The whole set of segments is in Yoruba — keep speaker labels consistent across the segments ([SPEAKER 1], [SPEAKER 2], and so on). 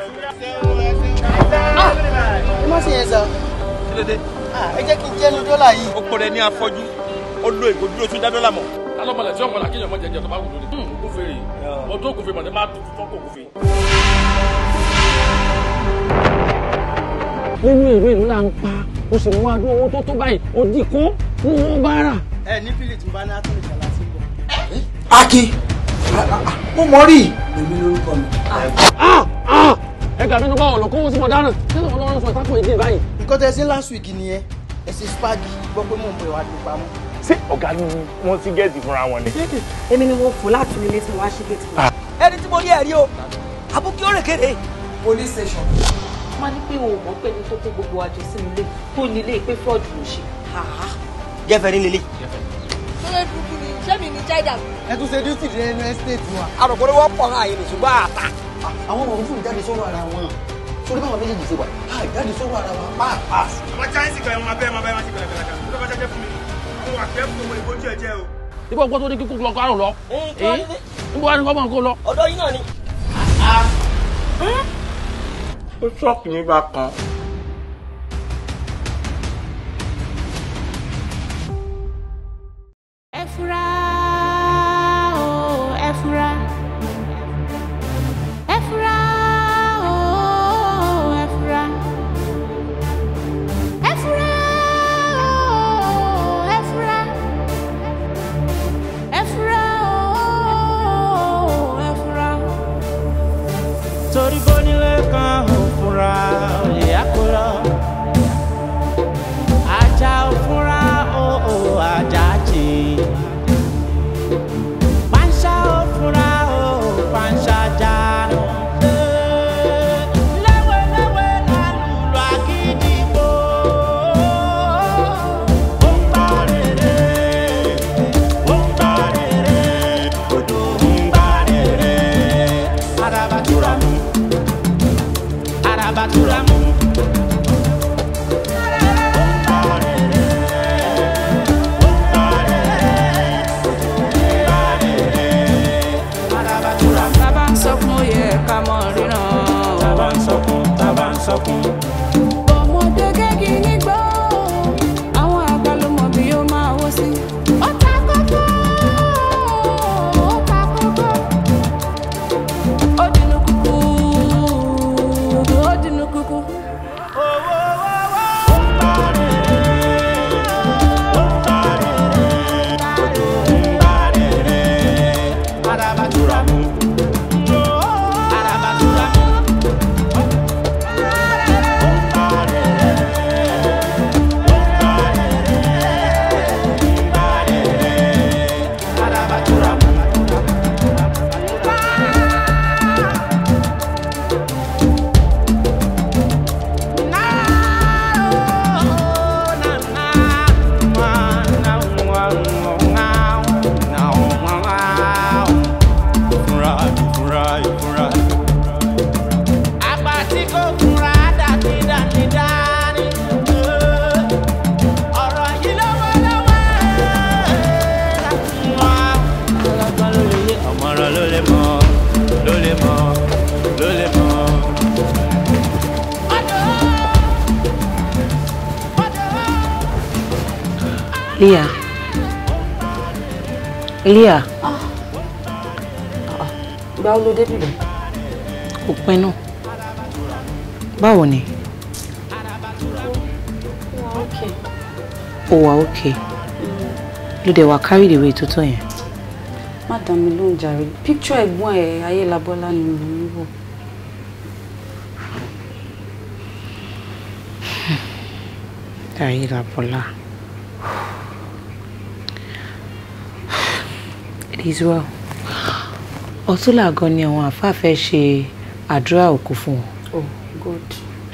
[SPEAKER 1] Ah, ẹ má ṣe yẹn sọ.
[SPEAKER 2] kí ló dé. Ah, ẹ jẹ́ kí n jẹ́nu dọ́là yìí. ó pọ̀rẹ́ ní afọ́jú ó lo ègò dúró tún dá dọ́là mọ̀. alọ́mọlẹ̀ tí ọ̀gbọ̀n àkínyàn mọ́ jẹjẹ tó bá wù lórí. Hmm, kò fèrè ọdún kò fèrè mọ̀ ní má fọ́kò kò fèrè.
[SPEAKER 1] nínú ìlú ìlú là ń pa o sì mú adó owó tó tó báyìí o dì kó ní wọn bá rà. ẹ ní fílẹ̀ tí mo bá ní àtúntò ìjà láti bọ̀. Akin
[SPEAKER 2] ah, mo mọ̀ rí. èmi lórúkọ mi
[SPEAKER 3] ẹ gbà bínú báwọn olùkówó sí mo dáná nínú ọlọ́run fún ìtàkùn èdè báyìí. nǹkan tẹ ṣe last week nìyẹn ẹ ṣe spagi gbọ́ pé mò ń bẹ̀rẹ̀ wá dùn
[SPEAKER 4] pamọ́. ṣé ọ̀gá ni wọ́n sí gẹ̀ẹ́tì fúnra wọn ni. èmi ni mo fò láti ilé tí mo wá sí gẹ̀ẹ́tì fún. Ah. ẹni tí mo rí ẹ̀rí o àbúkí ó rè kéde. police station. wọ́n ní pé o mọ̀ pé ní tó kó gbogbo àjọ sínú ilé tó nílé pé fraud ló ṣe. jẹ́fẹ̀ ní lélẹ̀. sọ́lá ìbùkún ni sẹ́mi ní china. ẹ tún ṣe duty dé ẹnu estate wa.
[SPEAKER 1] àròkọ ni wọ́n pọ̀ àwọn ọmọ fún ìjáde sọ̀rọ̀ ara wọn sórí báwọn méjèèjì ṣe wà á ìjáde sọ̀rọ̀ ara wọn pa pa.
[SPEAKER 2] ọmọ chinese kan máa bẹ́ẹ̀ máa bẹ́ẹ̀ máa ti bẹ̀rẹ̀ bẹ̀rẹ̀ kan tó bá jẹ́ fún mi mo wà kẹ́ fún ìbò jẹ́ jẹ́ o.
[SPEAKER 5] níbo gbọ́ tó ní kíkú lọ kárùn lọ. níbo wá ní kọ́ mọ̀
[SPEAKER 2] kó lọ. ọ̀dọ́ yín náà ni. Ah, ah. Hm? ó ṣọ́ọ̀kì mi bá kan.
[SPEAKER 4] délùú
[SPEAKER 6] kò pẹ́ náà báwo ni. ó wà okay mm. ló dẹ̀ wà carried away tó tọ̀ yẹn.
[SPEAKER 7] má dà mí lóhùn jàre píkṣọ ẹ̀gbọ́n ẹ̀ ayélabọ́lá ni mo ń wò.
[SPEAKER 6] ayélabọ́lá. It is well ọ̀túnlà gan ni àwọn àáfàá fẹ́ ṣe àdúrà òkú fún wọn. oh good.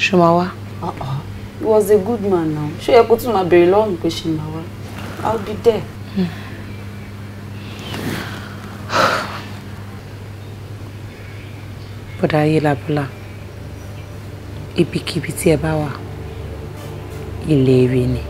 [SPEAKER 6] ṣé máa wá.
[SPEAKER 7] Uh-uh. he was a good man now ṣé ẹ kó tún máa béèrè lọ́wọ́ pé ṣe máa wá i'll be there.
[SPEAKER 6] Hmm. bọ́dà ayélabọ́lá ibikíbi tí ẹ bá wà ilé rí ni.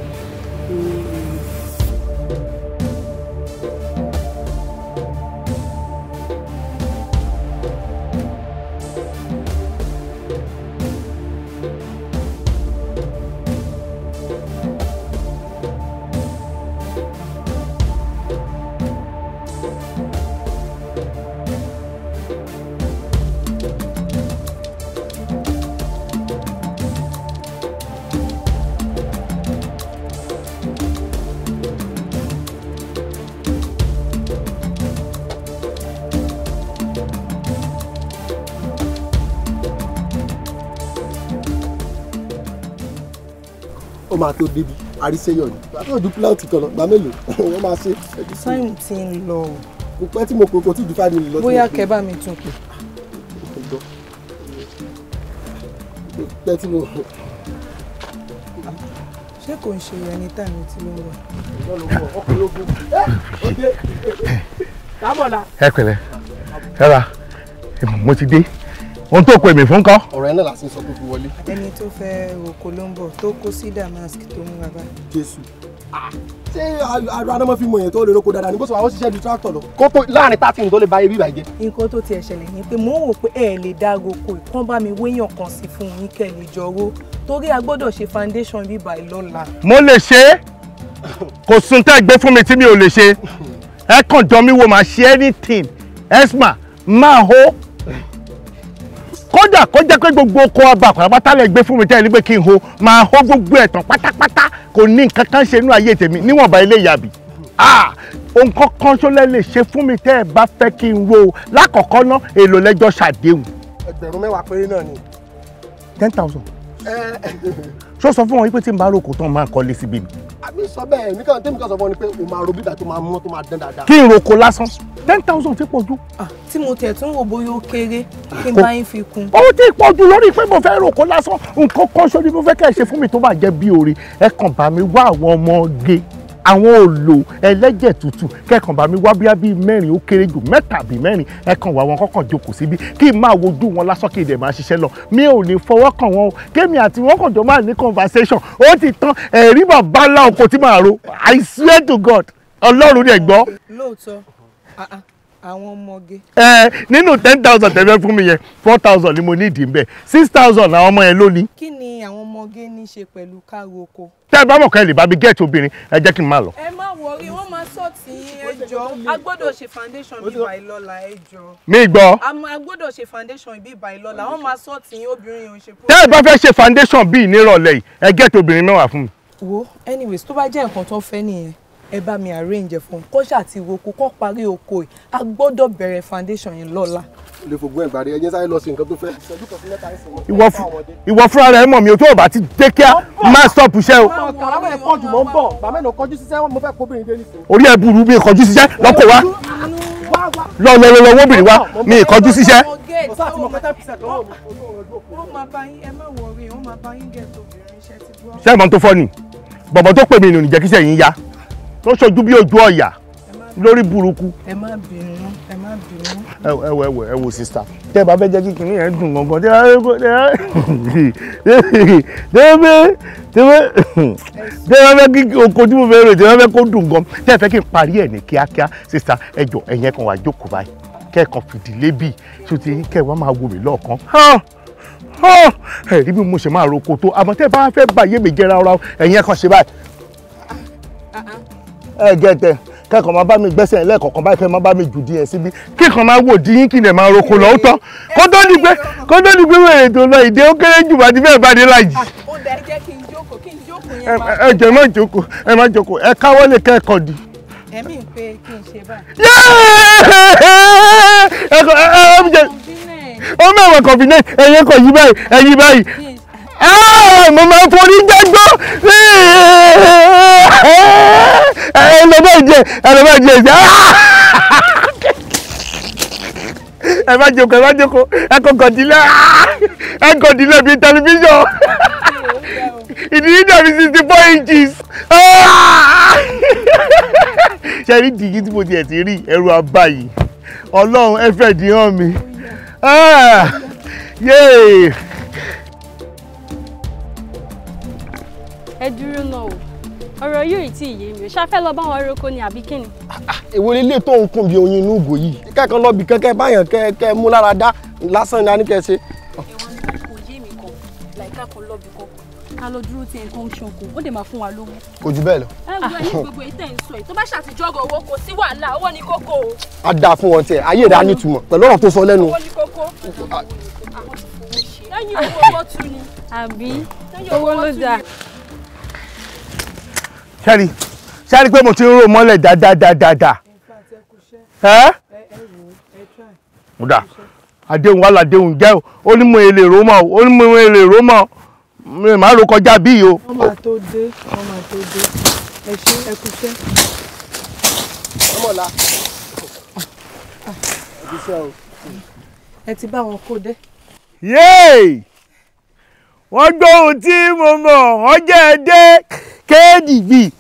[SPEAKER 2] máa tó débi àríṣẹ́yọ̀ ni bàbá òdu plant kan lọ gbàmé
[SPEAKER 8] lò
[SPEAKER 4] wọ́n máa ṣe. time ti ń lọ. kò pẹ́ tí mo kò kò tí ju five lọ. bóyá kẹ́ mi tún kù. kò pẹ́ tí mo ṣé kò ń ṣe ẹni táwọn tí ló wà. ẹ pẹ̀lẹ́
[SPEAKER 2] ẹ ra mo ti dé ohun tó pè mí fún kọ́.
[SPEAKER 4] ọ̀rọ̀ ẹ̀ náà làásì sọ pé fi wọlé. ẹni tó fẹ́ roko ló ń bọ̀ tó kó sí damask tó ń ra bá. jésù ah, ṣé àrùn adamọ fi mọ èèyàn tó lè roko dáadáa ní bó ṣe wà ó ṣiṣẹ́ ju tractor lọ. kó tó láàrin thirteen tó lè bá ebi ìbàjẹ́. nǹkan tó tiẹ̀ ṣẹlẹ̀ ni pé mò ń wò pé ẹ lè dá roko ìkán bá mi wéyàn kan sí fún yín kẹ́ lè jọ owó torí a gbọ́dọ̀ ṣe foundation bíbá ẹ lọ́la.
[SPEAKER 2] mo lè ṣe é kò sun tẹ́ gbé fún mi tí mi ò lè ṣe ẹ kàn jọ mi wo màá ṣe anything esma máa hó kódà kó jẹ́ pé gbogbo oko ọba àpàlàpàtà lè gbé fún mi tẹ́lẹ̀ pé kí n ho máa hó gbogbo ẹ̀tàn pátápátá kò ní nǹkan kan ṣe inú ayé tèmi níwọ̀nba ilé ìyàbí ohun kankan ṣọlẹ lè ṣe fún mi tẹ́ ẹ bá fẹ́ kí n wo lákọ̀ọ́kọ́ ná èlò lẹ́jọ́ ṣàdéhùn.
[SPEAKER 8] ẹgbẹ̀rún mẹ́wàá péré náà ni.
[SPEAKER 2] ten thousand. ṣó sọ fún wọn pé tí n bá roko tán máa kọ́lé síbi mi. àbí sọ bẹ́ẹ̀ ten thousand ti pọ̀ jù. Ah, tí mo tẹ̀ tún
[SPEAKER 4] wò bóyá ó kéré kí n bá yín fi kún.
[SPEAKER 2] ó ti pọ̀ jù lórí pé mo fẹ́ roko lásán nǹkan kan ṣorí mo fẹ́ kẹ́ ẹ ṣe fún mi tó bá jẹ́ bí oore ẹ kàn bá mi wá àwọn ọmọge àwọn òòlò ẹlẹ́jẹ̀ tútù kẹ́kàn bá mi wá bíá bíi mẹ́rin ó kéré jù mẹ́ta bíi mẹ́rin ẹ kàn wá wọn kọ́kàn jókòó síbi kí n máa wojú wọn lásán kí n dẹ̀ máa ṣiṣẹ́ lọ mi ò ní fọwọ́ kàn wọn o kémi àti wọn kàn jọ máa ní conversation ó ti tán ẹ̀rí bàbá ńlá oko tí màá ro I swear to God Ọlọ́run dẹ̀ gbọ́.
[SPEAKER 4] lóòótọ́ àwọn
[SPEAKER 2] ọmọge. ẹ nínú ten thousand tẹ́lẹ̀ fún mi yẹn four thousand ni mo ní ìdí ń six thousand àwọn ọmọ yẹn lónìí. kí ni àwọn ọmọge ní í ṣe pẹ̀lú káàró oko. tẹ́ ẹ bá mọ̀ ká ẹ lè bá mi gẹ́ẹ̀tì obìnrin ẹ jẹ́ kí n máa lọ.
[SPEAKER 4] ẹ má wọrí wọn máa sọ tí ẹjọ́ a gbọ́dọ̀ ṣe foundation bí ibà ìlọ́la ẹjọ́. mi gbọ́. a ṣe foundation bí ibà ìlọ́la wọn máa sọ tí obìnrin yòó ṣe. tẹ́
[SPEAKER 2] ẹ bá fẹ́ ṣe foundation bíi nírọ̀lẹ́ yìí ẹ gẹ́ẹ̀tì obìnrin mẹ́wàá fún mi.
[SPEAKER 4] wo anyways tó bá jẹ́ nǹkan tó ẹ bá mi arrange fún un kó ṣàti wo oko kó parí oko yìí a gbọ́dọ̀ bẹ̀rẹ̀ foundation yìí lọ́la.
[SPEAKER 2] lè fògbó ẹ̀ gbàdé ẹjẹ́ sáré lọ sí nǹkan tó fẹ́. ìwọ fúnra rẹ mọ̀ mi ò tó o bá ti dé kíá má stop iṣẹ́ o.
[SPEAKER 3] kàràmọ́ ẹ̀ pọ̀jù mọ́ ń bọ̀ bàmẹ́ lọ kọjú síṣẹ́ mo fẹ́ kóbìnrin
[SPEAKER 1] dé nísìnyí.
[SPEAKER 2] orí ẹ burú mi kọjú síṣẹ́ lọ́kọ̀ wa
[SPEAKER 1] lọ lọ lọ wóbìnrin wa mi kọjú síṣẹ́.
[SPEAKER 4] ṣé ìmọ̀
[SPEAKER 2] tó fọ́ ni bọ̀bọ̀ tó pè mí nù nìjẹ́ kíṣẹ́ yìí ń ya tó ṣojú bí ojú ọ̀yà lórí burúkú. ẹ má bínú ẹ má bínú. ẹ wò ẹ wò ẹ wò sista tẹ bá fẹ́ jẹ́ kí kinní yẹn dùn gangan tẹ bá fẹ́ kí oko tí mo fẹ́ rè tẹ bá fẹ́ kó dùn gan tẹ fẹ́ kí n parí ẹ ní kíákíá sista ẹ jọ ẹyẹn kan wà jókòó báyìí kẹ́ẹ̀kan fìdílé bíi tó ti kẹwàá máa wò mí lọ́ọ̀kan ẹ̀rí bí mo ṣe máa roko tó àmọ́ tẹ́ bá fẹ́ bàyè mi jẹ́ra ọ̀rọ̀ ẹ̀yìn ẹ̀kan ṣe báyìí. Ah, ah ẹ gẹ̀tẹ̀ kẹ́kọ̀ọ́ máa bá mi gbẹ́sẹ̀ lẹ́ẹ̀kọ̀ọ̀kan báyìí kẹ́ máa bá mi jù díẹ̀ síbi kíkan máa wò di yín kí lè máa roko lọ tọ́ kó tó di pé kó tó di pé wèrè tó lọ ìdè ó kéré jù bá ti fẹ́ẹ̀ bá dé láyìí. ẹ jẹ́ má jókòó ẹ má jókòó ẹ káwọ́ lè kẹ́kọ̀ọ́ di.
[SPEAKER 4] ẹ̀mí pé kí n ṣe báyìí.
[SPEAKER 2] ẹ ẹ ẹ ọmọ ẹ̀wọ̀n kọ̀ọ̀fì náà ẹ̀yẹ kọ̀ yí báyìí ẹ̀yí báyìí mo máa ń forí jágbọ́ ẹ̀ẹ́dẹ̀bẹ̀ jẹ ẹ̀ẹ́dẹ̀bẹ̀ jẹ ẹ̀ẹ́dẹ̀ ẹ má jókòó ẹ má jókòó ẹ kò kọ̀dílẹ̀ ẹ kọ̀dílẹ̀ bíi tẹlifíṣàn ìdílé dàbí sixty four inches ṣe rí dìgí tí mo tiẹ̀ ti rí ẹrù abáyé ọlọ́run ẹ fẹ́ dìhàn mi yéé.
[SPEAKER 7] ẹ dúró náà o ọ̀rọ̀ yóò ì tí ì yé mi o ṣáfẹ́ lọ bá wọn roko ni àbí kíni.
[SPEAKER 2] èwo lélẹ̀ tó ń kún bí oyin inú ìgò yìí kẹ́kọ̀ọ́ lọ́ọ́ bì kẹ́kẹ́ báyàn kẹ́kẹ́
[SPEAKER 1] mú lára dá lásán ni a ní kẹ́ ṣe. ẹ̀wọ̀n
[SPEAKER 7] ni kò yé mi kan láìka kan lọ́ọ̀bì kan ká lọ dúró tí nǹkan ń ṣanko ó dè máa fún wa lówó.
[SPEAKER 1] kò jù bẹ́ẹ̀ lọ. ẹ wọ ẹni gbogbo
[SPEAKER 7] èyí tẹ̀ ń sọ yìí tó bá ṣàtijọ́gọ̀ owó kò sí wàhálà owó ni kókó o.
[SPEAKER 2] a dáa fún wọn tiẹ ayé rẹ á nítumọ̀ pẹ̀lú ọ̀rọ̀ tó sọ lẹ́nu. owó
[SPEAKER 4] ni kókó àbí owó ló dáa
[SPEAKER 2] ṣẹ́rí ṣẹ́rí pé mo ti ń rò mọ́lẹ̀ dáadáa. ẹ mo dà àdéhùn wà ládéhùn jẹ́ ó ní mo èlè rò mọ́ ó ní mo èlè rò mọ́ mi máa ro kọjá bí yìí o.
[SPEAKER 4] wọ́n máa tó dé wọ́n máa tó dé ẹ ṣe ẹ kú iṣẹ́. ọmọlá ìbísẹ́ o. ẹ ti bá wọn kó dé. yéè wọ́n gbóhùn
[SPEAKER 2] tí mo mọ̀ wọ́n jẹ́ ẹ dé. KDB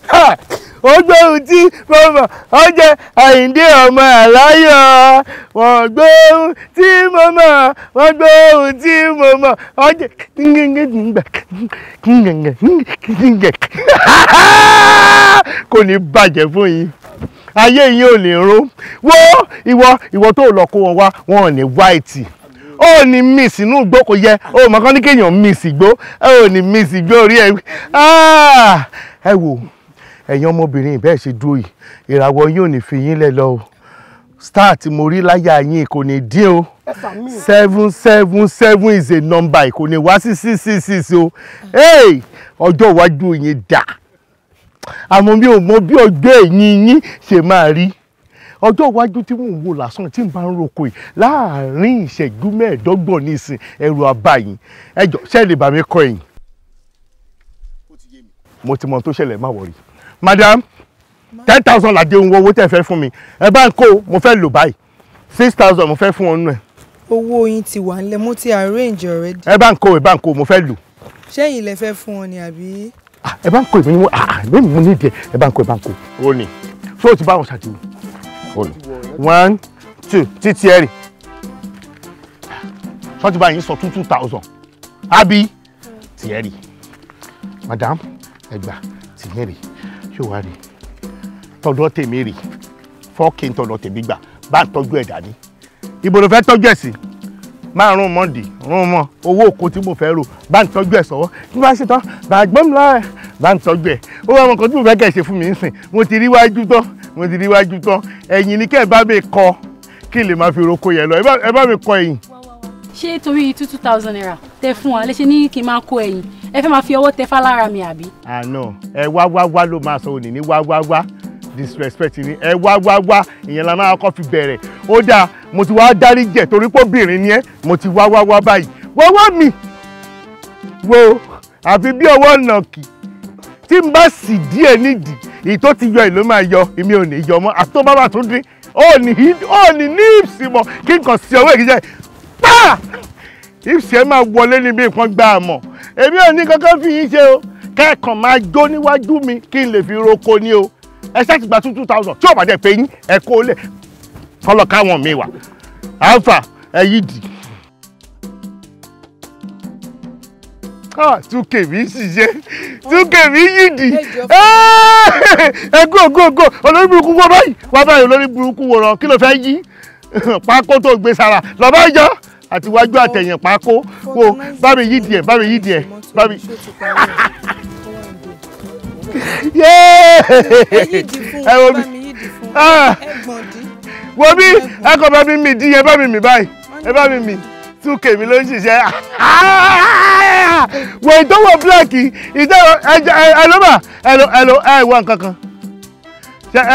[SPEAKER 2] ó gbé ohun tí mo mọ̀ ó jẹ́ àyíndé ọmọ àláyọ̀ wọ́n gbé ohun tí mo mọ̀ wọ́n gbé ohun tí mo mọ̀ ó jẹ́ kò ní bàjẹ́ fún yín ayé yín ò ní rún wo ìwọ ìwọ tó lọ kó wọn wá wọn ò ní wáìtì ó ní miss inú igbó kò yẹ ó mọ̀ kán ní kéèyàn miss igbó ó ní miss igbó orí ẹ ah! ẹ wò ẹ̀yin ọmọbìnrin bẹ́ẹ̀ ṣe dúró yìí ìràwọ̀ yín ò ní fi yín lẹ̀ lọ o star tí mo rí láyà yín kò ní dín o seven seven seven is a number kò ní wá sí six six six o ọjọ́ iwájú yín dà àmọ́ mi ò mọ bí ọjọ́ ẹ̀yìn yín ṣe máa rí ọjọ́ iwájú tí mò ń wo lásán tí n bá ń roko yìí láàárín ìṣẹ́jú mẹ́ẹ̀ẹ́dọ́gbọ̀n nísìn ẹrù abáyìn ẹjọ́ ṣẹ́ẹ̀lì bàmí kọ ẹ̀yìn. mo ti mọ tó ṣẹlẹ̀ má wọ̀rí. madam ten thousand làdé ohun owó tẹ̀ fẹ́ fún mi ẹ bá ń kó mo fẹ́ lò báyìí six thousand mo fẹ́ fún ọ nù ẹ.
[SPEAKER 4] owó yín ti wà nílẹ̀ mo ti arrange already.
[SPEAKER 2] ẹ bá ń kó ẹ bá ń kó mo fẹ́ lò.
[SPEAKER 4] ṣẹ́yìn lẹ fẹ́ fún ọ ni àbí.
[SPEAKER 2] ẹ bá ń kó ìmọ̀ ni mo ní ìdí ẹ bá ń kó ẹ bá ń kó. o ní so ti bá wọn ṣàdéhùn
[SPEAKER 4] one
[SPEAKER 2] two títí ẹ̀rì ṣọ́ọ́tì báyìí sọ two two thousand àbí ti ẹ̀rì madam ẹgbà ti ẹ̀rì ṣé wàá rí tọ̀dọ̀ tèmi rì fọ́ọ̀kì tọ̀dọ̀ tèmi gbà bá ń tọ́jú ẹ̀ dání ibo ló fẹ́ tọ́jú ẹ̀ sí máa rún mọ́ dì rún mọ́ owó òkú tí mo fẹ́ rò bá ń tọ́jú ẹ̀ sọ́wọ́ tí bá ṣe tán bá gbọ́n mi lára bá ń tọ́jú ẹ̀ ó wà wọn kan tí mo fẹ́ kẹ̀ ṣe fún mi ń sìn mo ti rí wájú tán mo ti díwájú tán ẹ̀yìn ni kẹ́ ẹ bá mi kọ kí lè máa fi roko yẹn lọ ẹ bá mi kọ ẹ̀yìn.
[SPEAKER 7] ṣé torí two two thousand naira tẹ fún wa léṣe ní kí n máa kó ẹ̀yìn ẹ fẹ́ máa fi ọwọ́ tẹfá lára mi àbí.
[SPEAKER 2] àná ẹ wá wá wá ló máa sọ òní ní wá wá wá disrespect ni ẹ wá wá wá ìyẹn la máa kọ́ fi bẹ̀rẹ̀ ó dáa mo ti wá dárí jẹ̀ torí pé obìnrin ni ẹ mo ti wá wá wá báyìí wá wá mi wo àfi bí ọwọ́ nàkì tí n bá sì díẹ̀ nídìí èyí tó ti yọ èyí ló máa yọ èmi ò ní yọ mọ́ àti tó bá bá tún dín ó ní ó ní ní ìpsì mọ́ kí nǹkan sí ọwọ́ èkìjẹ́ pa ìpsì ẹ máa wọlé níbi nǹkan gbá a mọ̀ èmi ò ní kankan fi yín ṣe o kẹ́ẹ̀kan máa jó níwájú mi kí n lè fi roko ní o ẹ ṣáàtì gba two two thousand tí ò bá dẹ̀ pé yín ẹ kó lẹ̀ fọlọ́ káwọn mi wà alpha ẹ yí dì í. túkèmí ah, ṣiṣẹ́ túkèmí yìdì ah! ẹ go go go olórí burúkú wọ báyìí wọ báyìí olórí burúkú wọ̀rọ̀ kí ló fẹ́ yí pákó tó gbé sára lọ́bàá ìjọ àti iwájú àtẹ̀yìn pákó wo bá mi yí díẹ̀ bá mi yí díẹ̀ bá mi. ẹ wo mi ah! wo mi ẹ kọ bá mi mì díẹ̀ bá mi mì báyìí ẹ bá mi mì túkèmí ló ń ṣiṣẹ́ wo ìtọ́wọ̀ bíláàkì ìtọ́wọ̀ ẹlọ́mà ẹlọ́ ẹ̀wọ̀ nkankan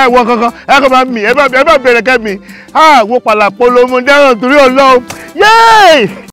[SPEAKER 2] ẹ̀wọ̀ nkankan ẹ̀kọ́ bá mi ẹ bá bẹ̀rẹ̀ kẹ́ mi ah, wo pàlàpọ̀ lomú dẹ́rọ̀ torí ọlọ́run yéè.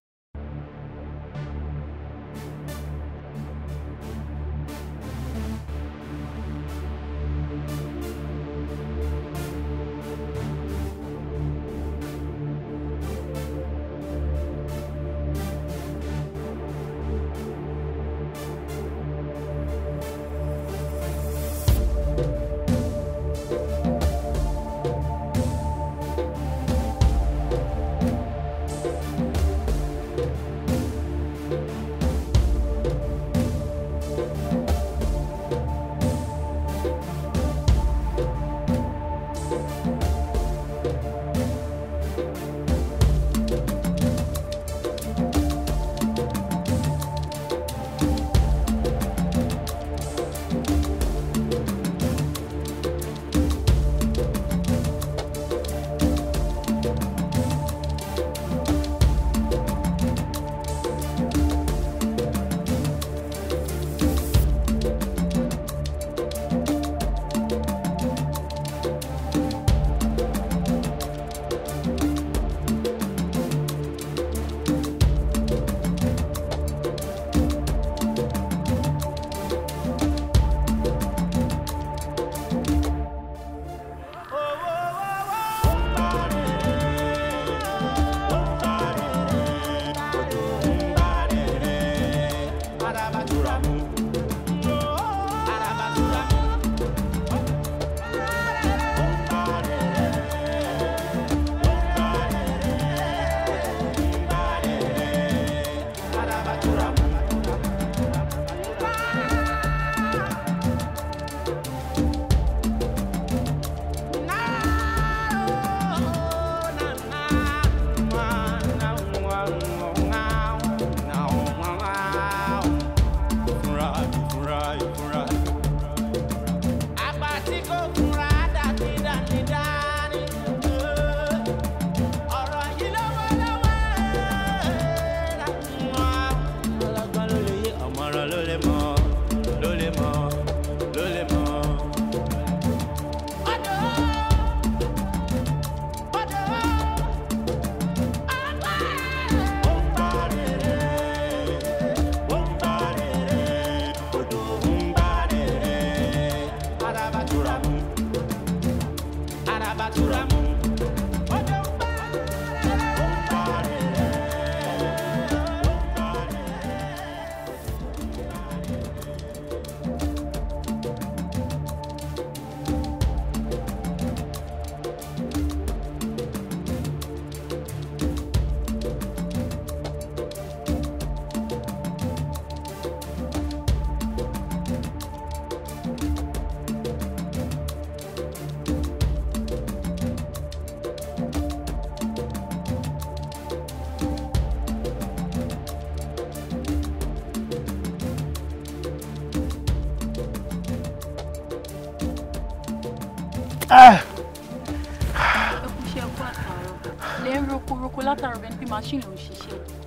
[SPEAKER 2] life right.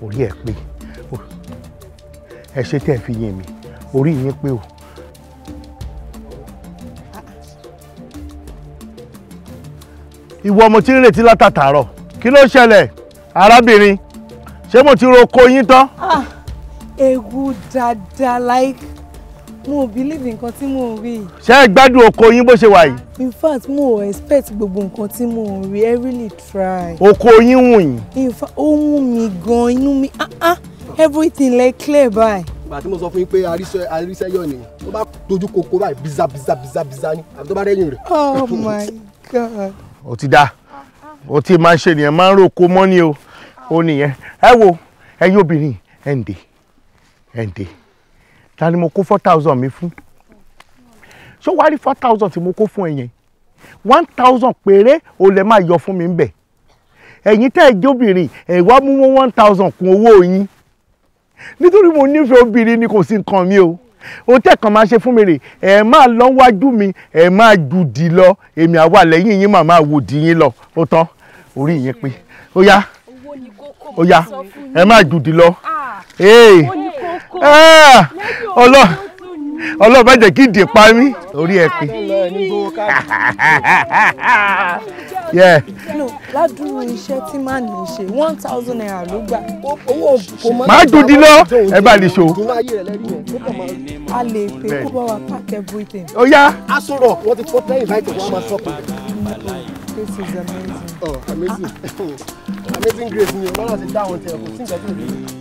[SPEAKER 2] orí ẹ̀ pé ẹ ṣe tẹ́ ẹ fi yìn mí orí yín pé o. ìwọ mo ti ń retí látàtàárọ̀ kí ló ṣẹlẹ̀ arábìnrin ṣé mo ti roko yín tán.
[SPEAKER 4] Ah, ewu dáadáa like mo ò believe nǹkan tí mo ń rí. ṣé ẹ gbádùn oko yín bó ṣe wà yìí. in fact mo ò expect gbogbo nǹkan tí mò ń rí i really try. oko yín wù yín. in fact ó wù mí gan inú mi ah ah everything like clear báyìí. ìgbà tí mo sọ fún yín pé
[SPEAKER 2] arísẹ́yọ̀ ni tó bá dojú koko báyìí biza biza biza biza ni àbí tó bá rẹ́yìn rẹ̀. oh my god. ó ti dáa ó ti máa ń ṣe nìyẹn máa ń roko mọ́ ni o ó nìyẹn ẹ wo ẹ̀yin obìnrin ẹ̀ ń dè ẹ̀ ń dè ta ni mo kó four thousand mi fún ṣó wá rí four thousand tí mo kó fún ẹ yẹn one thousand péré o lè máa yọ fún mi ń bẹ̀ ẹ̀yin tẹ́ ẹ jóbìnrin ẹ wá mú one thousand kún owó yín nítorí mo nífẹ̀ẹ́ obìnrin ni kò sí nǹkan mi o o tẹ́ẹ̀kan máa ṣe fún mi rè ẹ máa lọ wájú mi ẹ máa dùdì lọ èmi àwa lẹ́yìn yín màmá àwòdì yín lọ ó tán orí yẹn pé ó yá ó yá ẹ máa dùdì lọ. Ah. Ah, ọlọ́ọ̀ bá jẹ́ kí ìdè pa mí orí ẹ pé.
[SPEAKER 4] ládùúgbò iṣẹ́ tí màá ní ṣe one thousand naira ló gbà owó kò mọ́. màá dùdí lọ ẹ bá lè ṣòwò. a lè pè kó bá wa pack everything. ó yá. a sọ̀rọ̀ wọ́n ti fọ́ pẹ́yìn báyìí tó wọ́n máa sọ This is amazing. Oh, amazing. amazing grace ni o. Bọ́lá
[SPEAKER 8] ti dá àwọn tẹ̀ ọ̀pọ̀ sí ìgbà tó ń bí.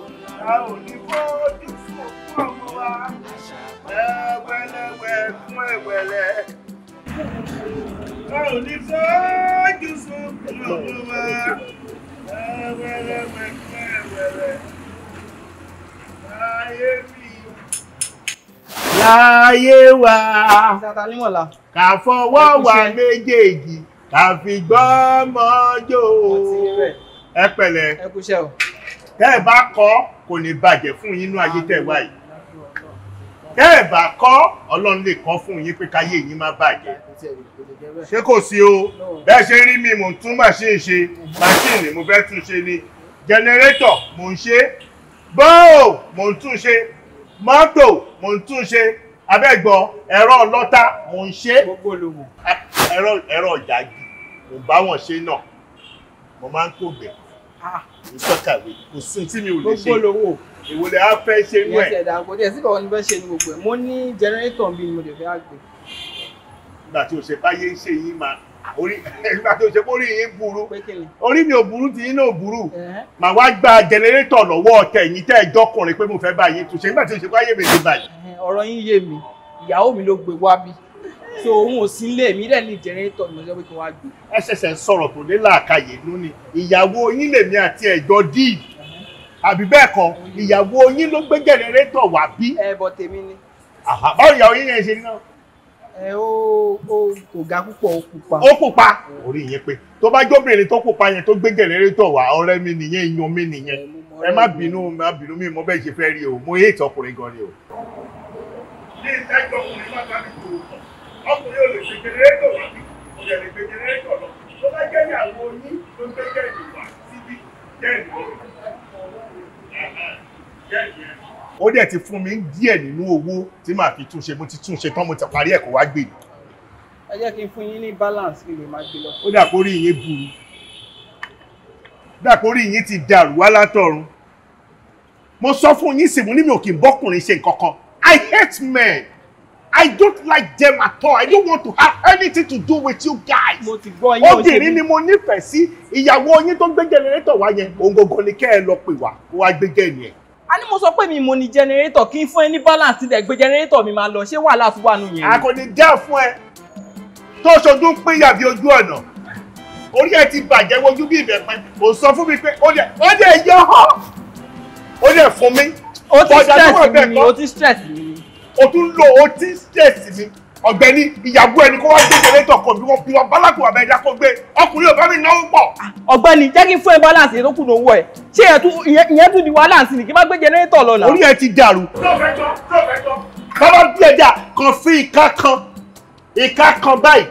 [SPEAKER 2] a ò ní fojú fún òkú ọmọ wa ẹwẹlẹwẹ fún ẹwẹlẹ a ò ní fojú fún òkú ọmọ wa ẹwẹlẹwẹ fún ẹwẹlẹ láyé mi láyé wa ká fọwọ́ wa méjèèjì ká fi gbọ́mọjò ẹ pẹ̀lẹ́ ẹ kúṣẹ́ o tẹ́ ẹ bá kọ́ kò ní bàjẹ́ fún yín inú ayé tẹ̀ wá yìí tẹ́ ẹ̀ bá kọ́ ọlọ́run lè kọ́ fún yín pé káyé yín má bàjẹ́ ṣé kò sí o bẹ́ẹ̀ ṣe rí mi mò ń tún machine ṣe machine mo fẹ́ tún ṣe ni generator mò ń ṣe bọ́ọ̀ mò ń tún ṣe mọ́tò mò ń tún ṣe abẹ́gbọ́ ẹ̀rọ ọlọ́ta mò ń ṣe ẹ̀rọ ọ̀jà mo bá wọn ṣe náà mo máa ń kó gbẹ̀ mo fẹ́ kàwé kò sí tí mi ò lè ṣe gbogbo lówó èwo lè á fẹ́ ṣe nú ẹ̀. ìyẹn
[SPEAKER 4] ṣẹ̀dá àpò tí ẹ̀sìn kọ̀ọ̀kan ni fẹ́ ṣe ní gbogbo ẹ̀ mo ní jẹnẹrétọ̀ mi ni mo lè fẹ́ àgbẹ̀.
[SPEAKER 2] nígbà tí o ṣe báyé ń ṣe yín máa orí
[SPEAKER 4] nígbà tí o ṣe bórí yín burú
[SPEAKER 2] orí mi ò burú ti yín náà burú màá wá gba jẹnẹrétọ̀ lọ́wọ́ ọ̀tẹ̀ yín tẹ́ ẹ jọkùnrin pé mo fẹ́ bá yín túnṣe nígbà tí o ṣe báyé mi ti bàjẹ́. ọ̀rọ̀ yín yé mi ìyàwó mi ló gbé wá bí so òun ò sí ilé mi dẹ̀ ní jẹnẹrétọ̀ ni mo sọ pé kí n wá gbé. ẹ ṣẹ̀ṣẹ̀ sọ̀rọ̀ tó lé làákàyè lónìí ìyàwó yín lèmi àti ẹ̀jọ́ díì àbí bẹ́ẹ̀ kọ́ ìyàwó yín ló gbé jẹnẹrétọ̀ wá bí. ẹ bọ tèmi ni. báwo ìyàwó yín yẹn ṣe ní náà ẹ ó ó kò ga púpọ̀ ó pupa. ó pupa orí yẹn pé tó bá jóbìnrin tó pupa yẹn tó gbé gẹ̀lẹ́rétọ̀ wá ọ̀rẹ́ mi nìyẹn iyan mi nìyẹn ẹ má bínú má bínú mi mo bẹ́ẹ̀ ṣe fẹ́ rí o mo yé ìtọkùnrin gan ni o. ilé ìtajà ọkùnrin má bá mi tò ọkùnrin ò lè ṣe jẹnẹrétọ̀ wá bí kò lè gbé jẹnẹrétọ̀ lọ tó bá jẹ́ ìyàwó yín ló gbé jẹ́ẹ̀dì wá síbí jẹ́ẹ̀dì ó dẹ̀ ti fún mi díẹ̀ nínú owó tí màá fi túnṣe mo ti túnṣe tán mo ti parí ẹ̀ kó wá gbé ni.
[SPEAKER 4] ẹ jẹ́ kí n fún yín ní balance kí n lè máa gbé lọ.
[SPEAKER 2] ó dà kórìí yín burú dà kórìí yín ti dàrú wá látọ̀run mo sọ fún yín sì mo ní mi ò kì í bọ́kùnrin ṣe nǹkan kan I hate men. I don't like them at all. I don't want to have anything to do with you guys. Mo ti gbọ́ yín ọ̀ṣẹ́ mi. Obìnrin ni mo nífẹ̀ẹ́ sí. Ìyàwó yín tó gbé jẹnẹrétọ̀ wá yẹn. Òun gangan ni kẹ́ ẹ lọ pè wá. Kó wá gbé jẹ́ ẹ̀.
[SPEAKER 3] A ní mo sọ pé mi mo ni jẹnẹrétọ̀ kí n fún ẹ ní balance ilẹ̀ gbé jẹnẹrétọ̀ mi máa lọ. Ṣé wàhálà tún wà nù yẹn? Àkọ́ni
[SPEAKER 2] jẹ́ fún ẹ tó ṣojú ń pín yàbí ojú ọ̀nà. Orí ẹ ti bàjẹ́ wojú bí ìbẹ̀pẹ̀. Ò sọ fún mi pé ó dẹ̀ yọ ọ́. Ó dẹ̀ fún mi. Ó ti stress mi, ó ti stress mi o tún lo o ti stress mi ọ̀gbẹ́ni ìyàwó ẹni kó wá gbé jẹrẹtọ kan bí wọn bí wọn bálákùn abẹjá kó gbé ọkùnrin ò bá mi náwó pọ̀.
[SPEAKER 3] ọ̀gbẹ́ni jẹ́ kí n fún ẹ balance yẹn tó kù lówó ẹ ṣé ìyẹn tún di balance ni kí n má gbé jẹrẹtọ lọ là. orí ẹ ti dàrú. prọfẹtọ prọfẹtọ. bàbá bí ẹja kan fi ìka kan
[SPEAKER 2] ìka kan báyìí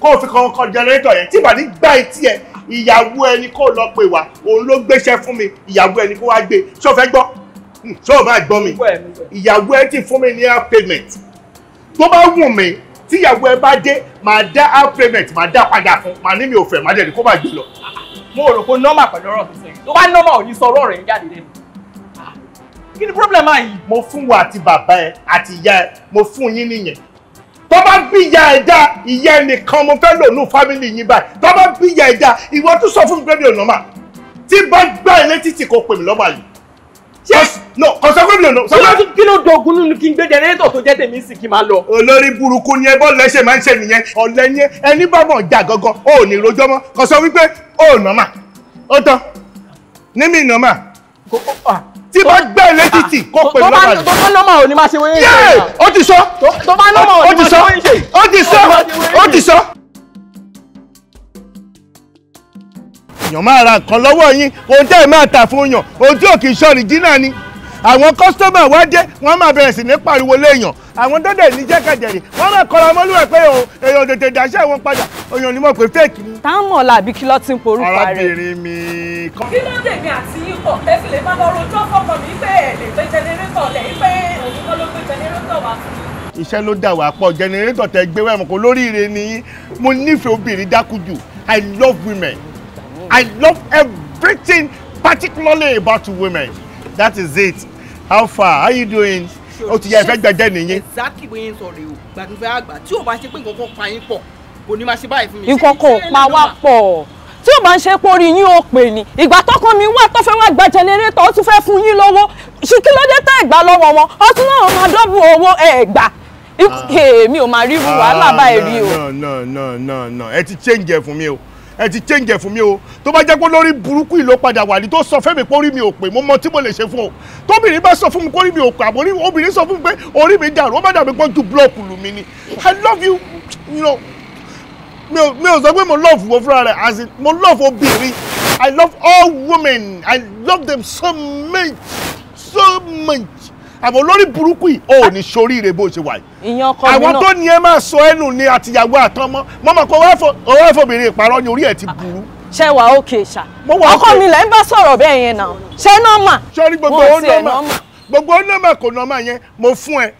[SPEAKER 2] kó o fi kan kan jẹrẹtọ yẹn tí ìbá ní gbá etí ẹ ìyàwó ẹni kó lọ pè wá òun ló gbéṣẹ́ fún mi ìyàwó ṣé o máa gbọ́ mi ìyàwó ẹ ti fún mi ní app payment tó bá wù mí tí ìyàwó ẹ bá dé màá dá app payment màá dá padà fún màá ní mi ò fẹ́ màá dẹ̀ kó bá gbé lọ. mo rò pé nọ́mà pẹ̀lú ọ̀rọ̀ tó sẹ́yìn tó bá nọ́mà ò ní sọ ọ̀rọ̀ rẹ̀ ń jáde lẹ́nu ah, kí ni problem yìí. mo fún wa àti bàbá ẹ àti ìyá ẹ mo fún yín nìyẹn tó bá bí ìyá ẹja ìyá ẹnìkan mo fẹ́ lòlú fámìlì yín báyìí tó bá bí ìyá ẹja ìwọ tún sọ fún mi pé mi ò nọ́mà tí bá gbá ẹ létí tí kò pè mí lọ́mà yìí ṣé no kò sọ pé mi ò nọ. kí ló dogun nínú kí n gbé jẹnẹrétọ̀ tó jẹ́ tèmi sì kí n máa lọ. olórí burúkú ni ẹ bọ́ lẹ́sẹ̀ máa ń ṣe nìyẹn ọ̀lẹ́ yẹn ẹni bá mọ̀ jà gangan ó ní rojọ́ mọ́ kò sọ wípé ó nọ́mà ó tán ní mi nọ́mà tí bá gbẹ́ létítì kó pè lọ́mà rẹ̀. tó bá nọ́mà ò ní máa ṣe wọ́n yé ṣe. ó ti sọ ó ti sọ ó ti sọ ó ti sọ. èèyàn máa ra nǹkan lọ́wọ́ yín ohun tẹ́ ẹ̀ máa tà fún yàn ohun tí ò kì í ṣọ́ọ̀rì dínà ni àwọn kọ́sítọ́mà wá dé wọ́n máa bẹ̀rẹ̀ sí ní pariwo léèyàn àwọn dọ́dẹ̀ ní jẹ́kẹ̀jẹ̀rì wọ́n máa kọ́ra mọ́lúwẹ̀ pé oh, èèyàn tètè dáṣẹ́ wọn padà èèyàn ni mo pè fẹ́ẹ̀kì ni. tá a mọ̀ làbí kí ló ti ń porúkọ rẹ̀. arábìnrin mi.
[SPEAKER 3] kí ló dé mi àti yín pọ̀ ẹ fi lè máa lọ rojọ́ fọkàn mi pé ẹ̀ lè pé jẹnẹrétọ̀
[SPEAKER 2] iṣẹ́ ló dà wá pọ̀ jẹnẹrétọ̀ tẹ gbé wẹ́mọ̀ kó lóríire ni mo nífẹ̀ẹ́ obìnrin dákújù I love women I love everything, particularly about women. That is it. How far? How you doing? o ti yẹ ẹ fẹ́ gbẹ̀jẹ̀ nìyẹn.
[SPEAKER 4] exactly bóyá ń sọ̀rọ̀ o gbàdúrà àgbà tí o bá ṣe pé nǹkan kan pa yín pọ̀ kò ní máa ṣe báyìí fún mi. nǹkan kan ò pa wá
[SPEAKER 3] pọ̀ tí o bá ń ṣe porí yín o pè ní ìgbà tọkàn mi wá tó fẹ́ wá gba jẹnẹrétọ̀ ó tún fẹ́ fún yín lọ́wọ́ ṣì kí ló dé tẹ́ ẹ̀gbà lọ́wọ́ wọn ó tún náà máa dọ́bù owó ẹ̀gbà ah. mi ò máa rí ah, wàhálà
[SPEAKER 2] báyìí rí o. no no no no no ẹ ti change ẹ fún mi o ẹ ti change ẹ̀ fún mi o tó bá jẹ́ pé lórí burúkú yìí ló padà wà ní tó sọ fẹ́mi pé orí mi ò pé mo mọ tí mo lè ṣe fún o tóbìnrin bá sọ fún mi pé orí mi ò pé àmọ́ obìnrin sọ fún mi pé orí mi dàrú ó bá dàbí pé ju búlọ̀kù lù mí ni i love you you know mi ò sọ pé mo love wo fúnra rẹ̀ as in mo love obìnrin i love all women i love them so much so much àmọ́ lórí burúkú yìí o ò ní soríire bó ṣe wà yìí. ìyẹn ọkọ mi náà àwọn tó ní ẹ máa sọ ẹnu ni àtìyàwó àtọmọ mọmọ kó wá fòbìnrin ìparọ́ ni orí ẹ ti burú. ṣé wà ókè ṣá ọkọ mi lẹ́ ń bá sọ̀rọ̀ bẹ́ẹ̀ yẹn náà ṣé nọ́mà wọ́n ti ẹ̀ nọ́mà gbogbo nọ́mà kò nọ́mà yẹn mo fún ẹ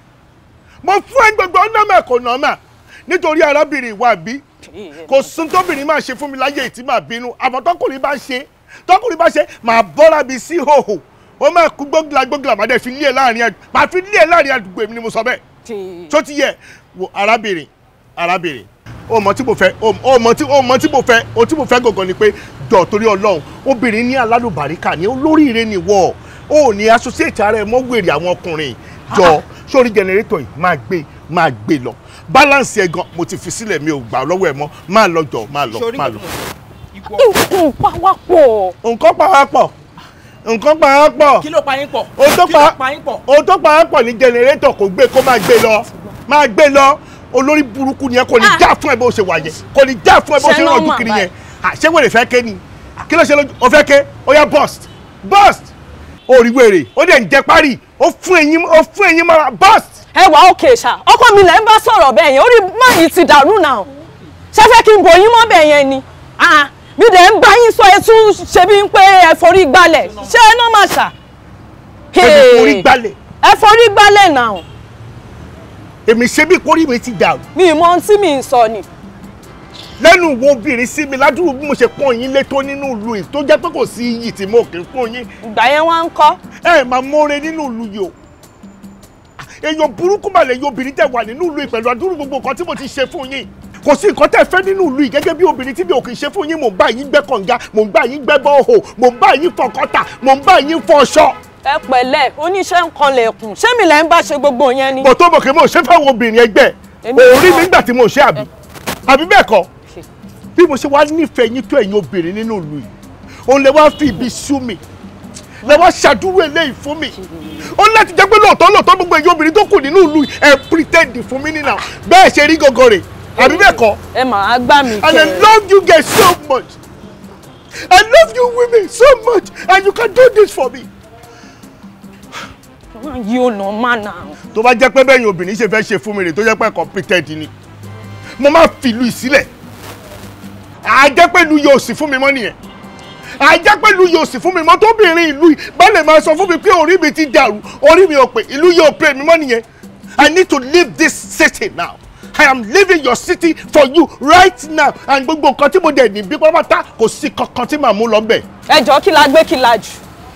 [SPEAKER 2] mo fún ẹ gbogbo nọ́mà kò nọ́mà nítorí arábìnrin ìwà bí kò sún tóbìnrin máa ṣe fún mi láyé ìtì máa bínú àmọ́ tọkùnrin bá ṣe tọkùnrin bá ṣe máa bọ́ra mi sí hòhò ó máa kú gbógla gbógla màá dẹ̀ fi lé ẹ̀ láàrin àdúgbò màá fi lé ẹ̀ láàrin àdúgbò èmi ni mo sọ bẹ́ẹ̀ tó ti yẹ wo arábìnrin arábìnrin ó mọ tí mo fẹ́ ó mọ tí ó mọ tí mo fẹ́ ó tí mo fẹ́ gọ̀gàn ni pé jọ̀ torí ọlọ́run obìnrin ní alálùbáríkà ní olóríire ni wọ́ ó ní associate ara ẹ̀ mọ́ wèrè àwọn ọkùnrin jọ sórí generator yìí máa gbé máa gbé lọ balance ẹ̀ gan mo ti fi sílẹ̀ mi ò gbà lọ́wọ́ ẹ̀ mọ́ máa lọ jọ máa lọ máa lọ. nǹkan pàwápọ̀. nǹkan pàwápọ̀ nǹkan pa á pọ̀. kí ló pa yín pọ̀. o tó pa á pọ̀ ní jẹnẹrétọ̀ kò gbé kó máa gbé lọ máa gbé lọ olórí burúkú yẹn kò ní ah! já fún ẹ bó ṣe wà yẹn kò ní já fún ẹ bó ṣe ràn ojú kiri yẹn ah, ṣé wèrè fẹ́ ké ni kí ló ṣe lójú o fẹ́ ké o yà bust bust orí wèrè ó dẹ̀ ń jẹ parí
[SPEAKER 3] ó fún ẹyin ó fún ẹyin mara bust. ẹ wà ókè ṣá ọkọ mi lẹ́ ń bá sọ̀rọ̀ bẹ́ẹ̀ yẹn orí máyì ti dàrú náà ṣẹ́fẹ́ kí n bò yín mọ́ bẹ́ẹ̀ yẹn ni. Ah! mi dẹ̀ ń bá yín sọ ẹ tún ṣe bí pé ẹ forí gbalẹ̀ ṣé ẹ náà máa ṣà. ẹ forí gbalẹ̀. ẹ gbalẹ̀ náà. èmi ṣe bí kórìí mi ti dàrú. mi
[SPEAKER 2] mọ ohun tí mi ń sọ ni lẹ́nu wo obìnrin sí mi ládùúgbò bí mo ṣe pọ́n yín létó nínú ìlú yìí tó jẹ́ pé kò sí iyì tí mo kì í pọ́n yín. ìgbà yẹn wá ń kọ́. ẹ máa mọ́re nínú ìlú yìí o èèyàn burúkú mà lè yí tẹ̀ wà nínú ìlú yìí pẹ̀lú gbogbo nǹkan tí mo ti ṣe fún yín kò sí nǹkan tẹ́ fẹ́ nínú ìlú yìí gẹ́gẹ́ bí obìnrin tí mi ò kì í ṣe fún yín mò ń bá yín gbẹ́ kànga mò ń bá yín gbẹ́ bọ́ọ̀hò mò ń bá yín fọkọ́tà mò ń bá yín fọṣọ.
[SPEAKER 3] ẹ pẹ̀lẹ́ oníṣẹ́ ń lẹ̀kùn
[SPEAKER 2] ṣé mi lẹ́ bá ṣe gbogbo yẹn ni. bọ̀tọ́ mọ̀ kí mo ṣe fáwọn obìnrin ẹgbẹ́ òórí mi nígbà tí mo ṣe àbí àbí bẹ́ẹ̀ kọ́ bí mo ṣe wá nífẹ̀ẹ́ yín tó ẹ̀yin obìnrin nínú ìlú yìí òun lè wá fi ibi sú mi lè wá ṣàdúró eléyìí fún mi ó láti jẹ́ pé lóòótọ́ lóòótọ́ gbogbo ẹ̀yin obìnrin tó kù nínú ìlú ẹ̀ pretend fún mi nínà bẹ́ẹ̀ ṣe rí gọ́gọ́ rèé àbí bẹ́ẹ̀ kọ́. ẹ mà á gbà and I love you guys so much I love you women so much and you can do this for me. You no man now. nà. tó bá jẹ́ pé bẹ́ẹ̀ yín obìnrin ṣe fẹ́ ṣe fún mi rè tó Mama pé competent ni mo máa fìlú ìsílẹ̀ àjẹpẹ́lu yóò sì fún mi mọ́ nìyẹn àjẹpẹ́lu yóò sì fún mi mọ́ tóbìnrin ìlú bẹ́ẹ̀ máa sọ fún mi pé orí mi ti dàrú orí mi ò Ilu ìlú yóò pè money mọ́ I need to leave this city now I am leaving your city for you right now and gbogbo nǹkan tí mo dẹ̀ ní bí pátápátá kò sí kankan tí màá mú lọ bẹ̀. ẹ jọ kí la gbé kí la jù.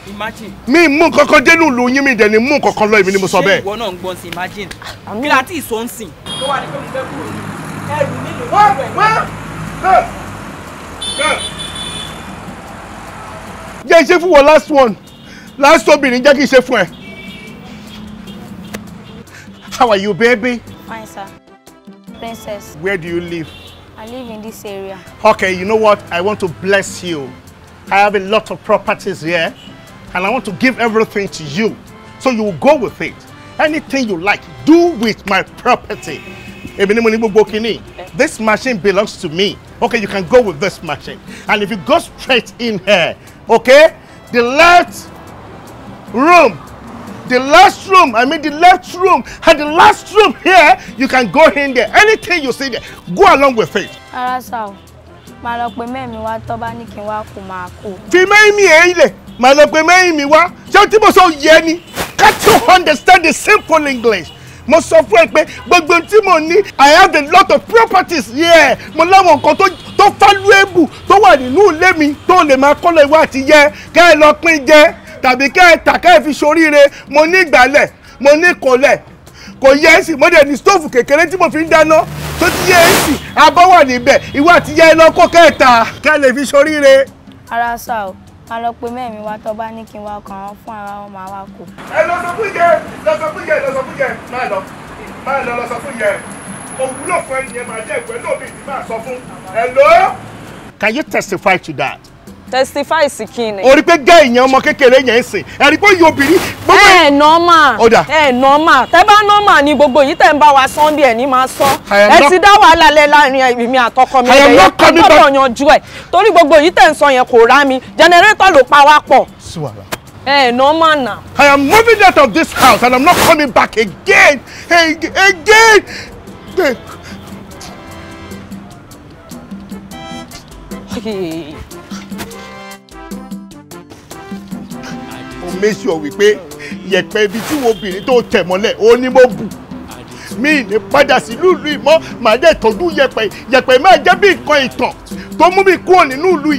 [SPEAKER 2] imagine. mi mú kankan dénú ìlú yín mi dẹ̀ ni mú kankan lọ èmi ni mo sọ bẹ́ẹ̀. ṣé
[SPEAKER 3] ìwọ náà ń gbọ́n sí imagine ah, kí la ti sọ ń sìn. tó wà ní pé mo fẹ́ kúrò
[SPEAKER 1] ní ẹrù nílò ìwé
[SPEAKER 2] ìwé. jẹ́ ṣe fún wọn last one last obìnrin jẹ́ kí n ṣe fún ẹ. how are you baby. Princess. Where do you live?
[SPEAKER 7] I live in this area.
[SPEAKER 2] Okay, you know what? I want to bless you. I have a lot of properties here and I want to give everything to you. So you go with it. Anything you like, do with my property. This machine belongs to me. Okay, you can go with this machine. And if you go straight in here, okay, the left room the last room, I mean the left room, and the last room here, you can go in there. Anything you see there, go along with faith. Fi mẹ́mi ẹ̀ ilẹ̀, máa lọ pe mẹ́mi wá. Ṣé tí mo sọ yẹ ni? Can't you understand the simple English? Mo sọ fún ẹ pé gbogbo tí mo ní I have a lot of properties here. Mo láwọn nǹkan tó tó tó wà nínú ilé mi tó lè máa kọ́lọ̀ ìwà àti kẹ́ ẹ lọ pín jẹ tàbí kẹ́ ẹ tà mo ní ìgbálẹ̀ mo ní kọlẹ̀ kò yẹ ẹ sì ní stóòfù kékeré tí mo fi ń dáná tó ti yẹ ẹ sì wà níbẹ̀ ìwọ àti yẹ ẹ lọ kó fi ṣoríire.
[SPEAKER 4] ara sá o máa lọ pe mẹ́rin wá tó bá ní kí n wá ọkàn wọn fún ara wọn máa wá kó. ẹ lọ sọ
[SPEAKER 2] fún yẹ lọ sọ fún yẹ lọ sọ fún yẹ máa lọ máa lọ lọ sọ fún yẹ òwúlò fún ẹnìyẹn máa jẹ ìwé náà ìdí máa sọ fún. Hello? Can you testify to that?
[SPEAKER 4] testify sí kí ni. orí pé
[SPEAKER 3] gẹ́ ìyẹn ọmọ kékeré yẹn ń sìn ẹ̀rí pé yóò bìrì. ẹ ẹ nọ́mà ẹ nọ́mà tẹ bá nọ́mà ni gbogbo yìí tẹ̀ ń bá wa sọ́ndì ẹ̀ ní máa sọ. ẹ ti dá wàhálà lẹ láàrin èmi àtọkọ mi rẹ yẹn kó gbọ́dọ̀ yanjú ẹ̀ torí gbogbo yìí tẹ̀ ń sọ yẹn kò rá mi jẹnẹrétọ̀ ló pa wá pọ̀. Hey, no man I am moving out of
[SPEAKER 2] this house and I am not coming back again. again. hey. just make sure wípé yẹ̀pẹ̀ ibi tí wo obìnrin tó tẹ̀ mọ́lẹ̀ ó ní mo bù mi ní padà sí lùlù ìmọ̀ màá dẹ̀ tọ́jú yẹ̀pẹ̀ yẹ̀pẹ̀ máa jẹ́ bí nǹkan ìtàn tó mú mi kúrò nínú ìlú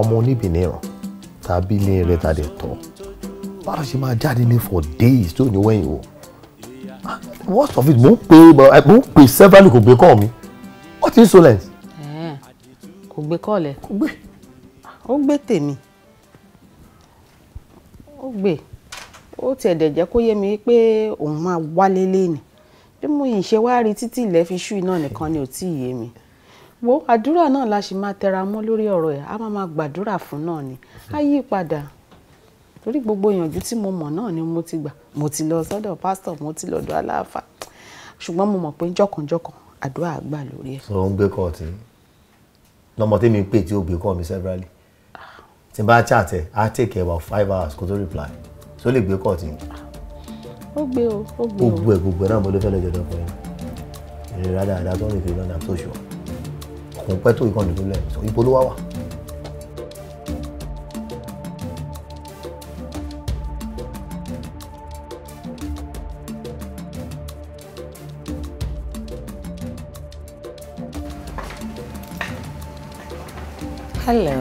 [SPEAKER 2] ọmọ oníbìníràn tàbí ilé rẹ̀ tàdé tọ́ báwo ṣe máa jáde ní for days tí ò ní wẹ̀yìn o worst of it mo ń pe mo ń pe several kò gbé kọ́ mi what insolence.
[SPEAKER 7] kò gbé kọ́ lẹ̀ kò gbé ó gbé tèmi ó gbé ó tiẹ̀ dẹ̀ jẹ́ kó yé mi pé òun máa wálé lé ni bí mo yìí ṣe wá rí títí ilẹ̀ fi ṣú iná nìkan ni ò tí ì yé mi wo àdúrà náà la sì máa tẹra mọ́ lórí ọ̀rọ̀ ẹ̀ a máa máa gbàdúrà fún náà ni á yí padà torí gbogbo ìyànjú tí mo mọ̀ náà ni mo ti gbà mo ti lọ sọ́dọ̀ pásítọ̀ mo ti lọ́dọ̀ aláàfà ṣùgbọ́n mo mọ̀ pé jọ̀kànjọ̀kàn àdúrà àgbà lórí
[SPEAKER 2] ẹ̀. sọ ń gbé kọ́ọ̀tì lọmọ tèmi pè tí ó gbé kọ́ mi severally tí n bá chatẹ á take about five hours kó tó reply so lè gbé kọ́ọ̀tì.
[SPEAKER 7] ó gbé o ó
[SPEAKER 2] gbé o gbogbo ẹ gbogbo ẹ náà mo ló fẹ́ lọ́jọ́ dọ́kọ̀ yẹn ìrìn rádà tó ń rìn kiri lọ́nà I'm so kò pẹ́ tó ìkànnì tó lẹ̀ so ibo ló wá wà.
[SPEAKER 6] Hello.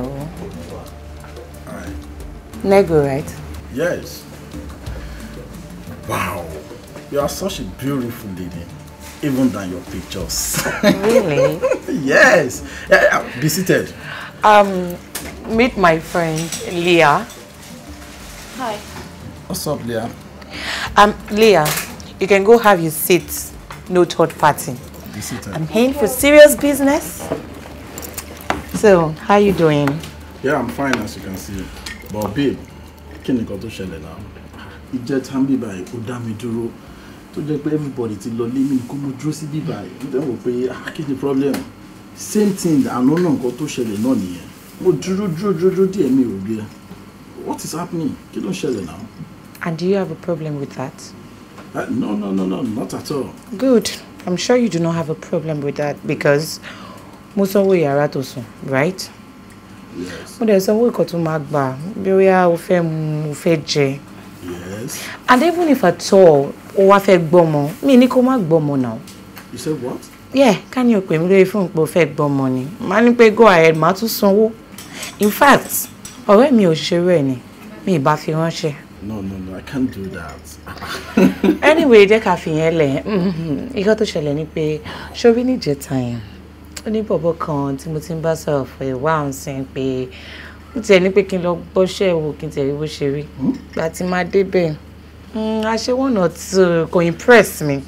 [SPEAKER 6] Hi. Nego, right?
[SPEAKER 5] Yes. Wow, you are such a beautiful lady. even than your pictures.
[SPEAKER 6] Really?
[SPEAKER 5] yes. Yeah, yeah, be seated.
[SPEAKER 6] Um, meet my friend Leah. Hi. What's up, Leah? Um, Leah, you can go have your seat. No third party. Be seated. I'm here for serious business. So, how are you doing?
[SPEAKER 5] Yeah, I'm fine as you can see. But babe, can you go tó ṣẹlẹ̀ now? Ìjẹ́ just bíbá yìí, ó tó jẹ́ pé everybody ti lọ lé mi kó mo dúró sí bíbá yìí mo dẹ́wọ̀ pé ah, kí problem same thing àná náà nǹkan tó ṣẹlẹ̀ náà nìyẹn mo dúró dúró dúró dúró díẹ̀ mi ò rí
[SPEAKER 6] what is happening kí ló ń ṣẹlẹ̀ náà. and do you have a problem with that. Uh, no no no no not at all. good i'm sure you do not have a problem with that because mo sanwó yàrá tó sùn right. yes. mo dẹ̀ sanwó ìkọ̀ tó máa gbà bí ó yá o fẹ́ mu o fẹ́ jẹ. yes. and even if at all ó wá fẹ́ gbọ́mọ mi ní kó má gbọ́mọ náà. you said what. yeah can you o pè mí lórí fóònù pé o fẹ́ gbọ́mọ ni màá go ahead màá tún sanwó in fact ọ̀rẹ́ mi ò ṣerú ẹ̀ ni mi ì bá fi ránṣẹ́.
[SPEAKER 5] no no no i can't do that.
[SPEAKER 6] anyway jẹ́ ká fi yẹn lẹ̀ ikọ́ mm-hmm. to ṣẹlẹ̀ ni pé ṣorí níjẹta yẹn ó ní bọ̀bọ̀ kan tí mo ti ń bá sọ̀rọ̀ fún ìwà ọ̀hún sí pé ó tiẹ̀ ní pé kí n lọ gbọ́ṣẹ́ wo kí n tẹ̀lé bó ṣe rí hmm? gbà tí máa débẹ̀ Mm, I say one not two go impress me.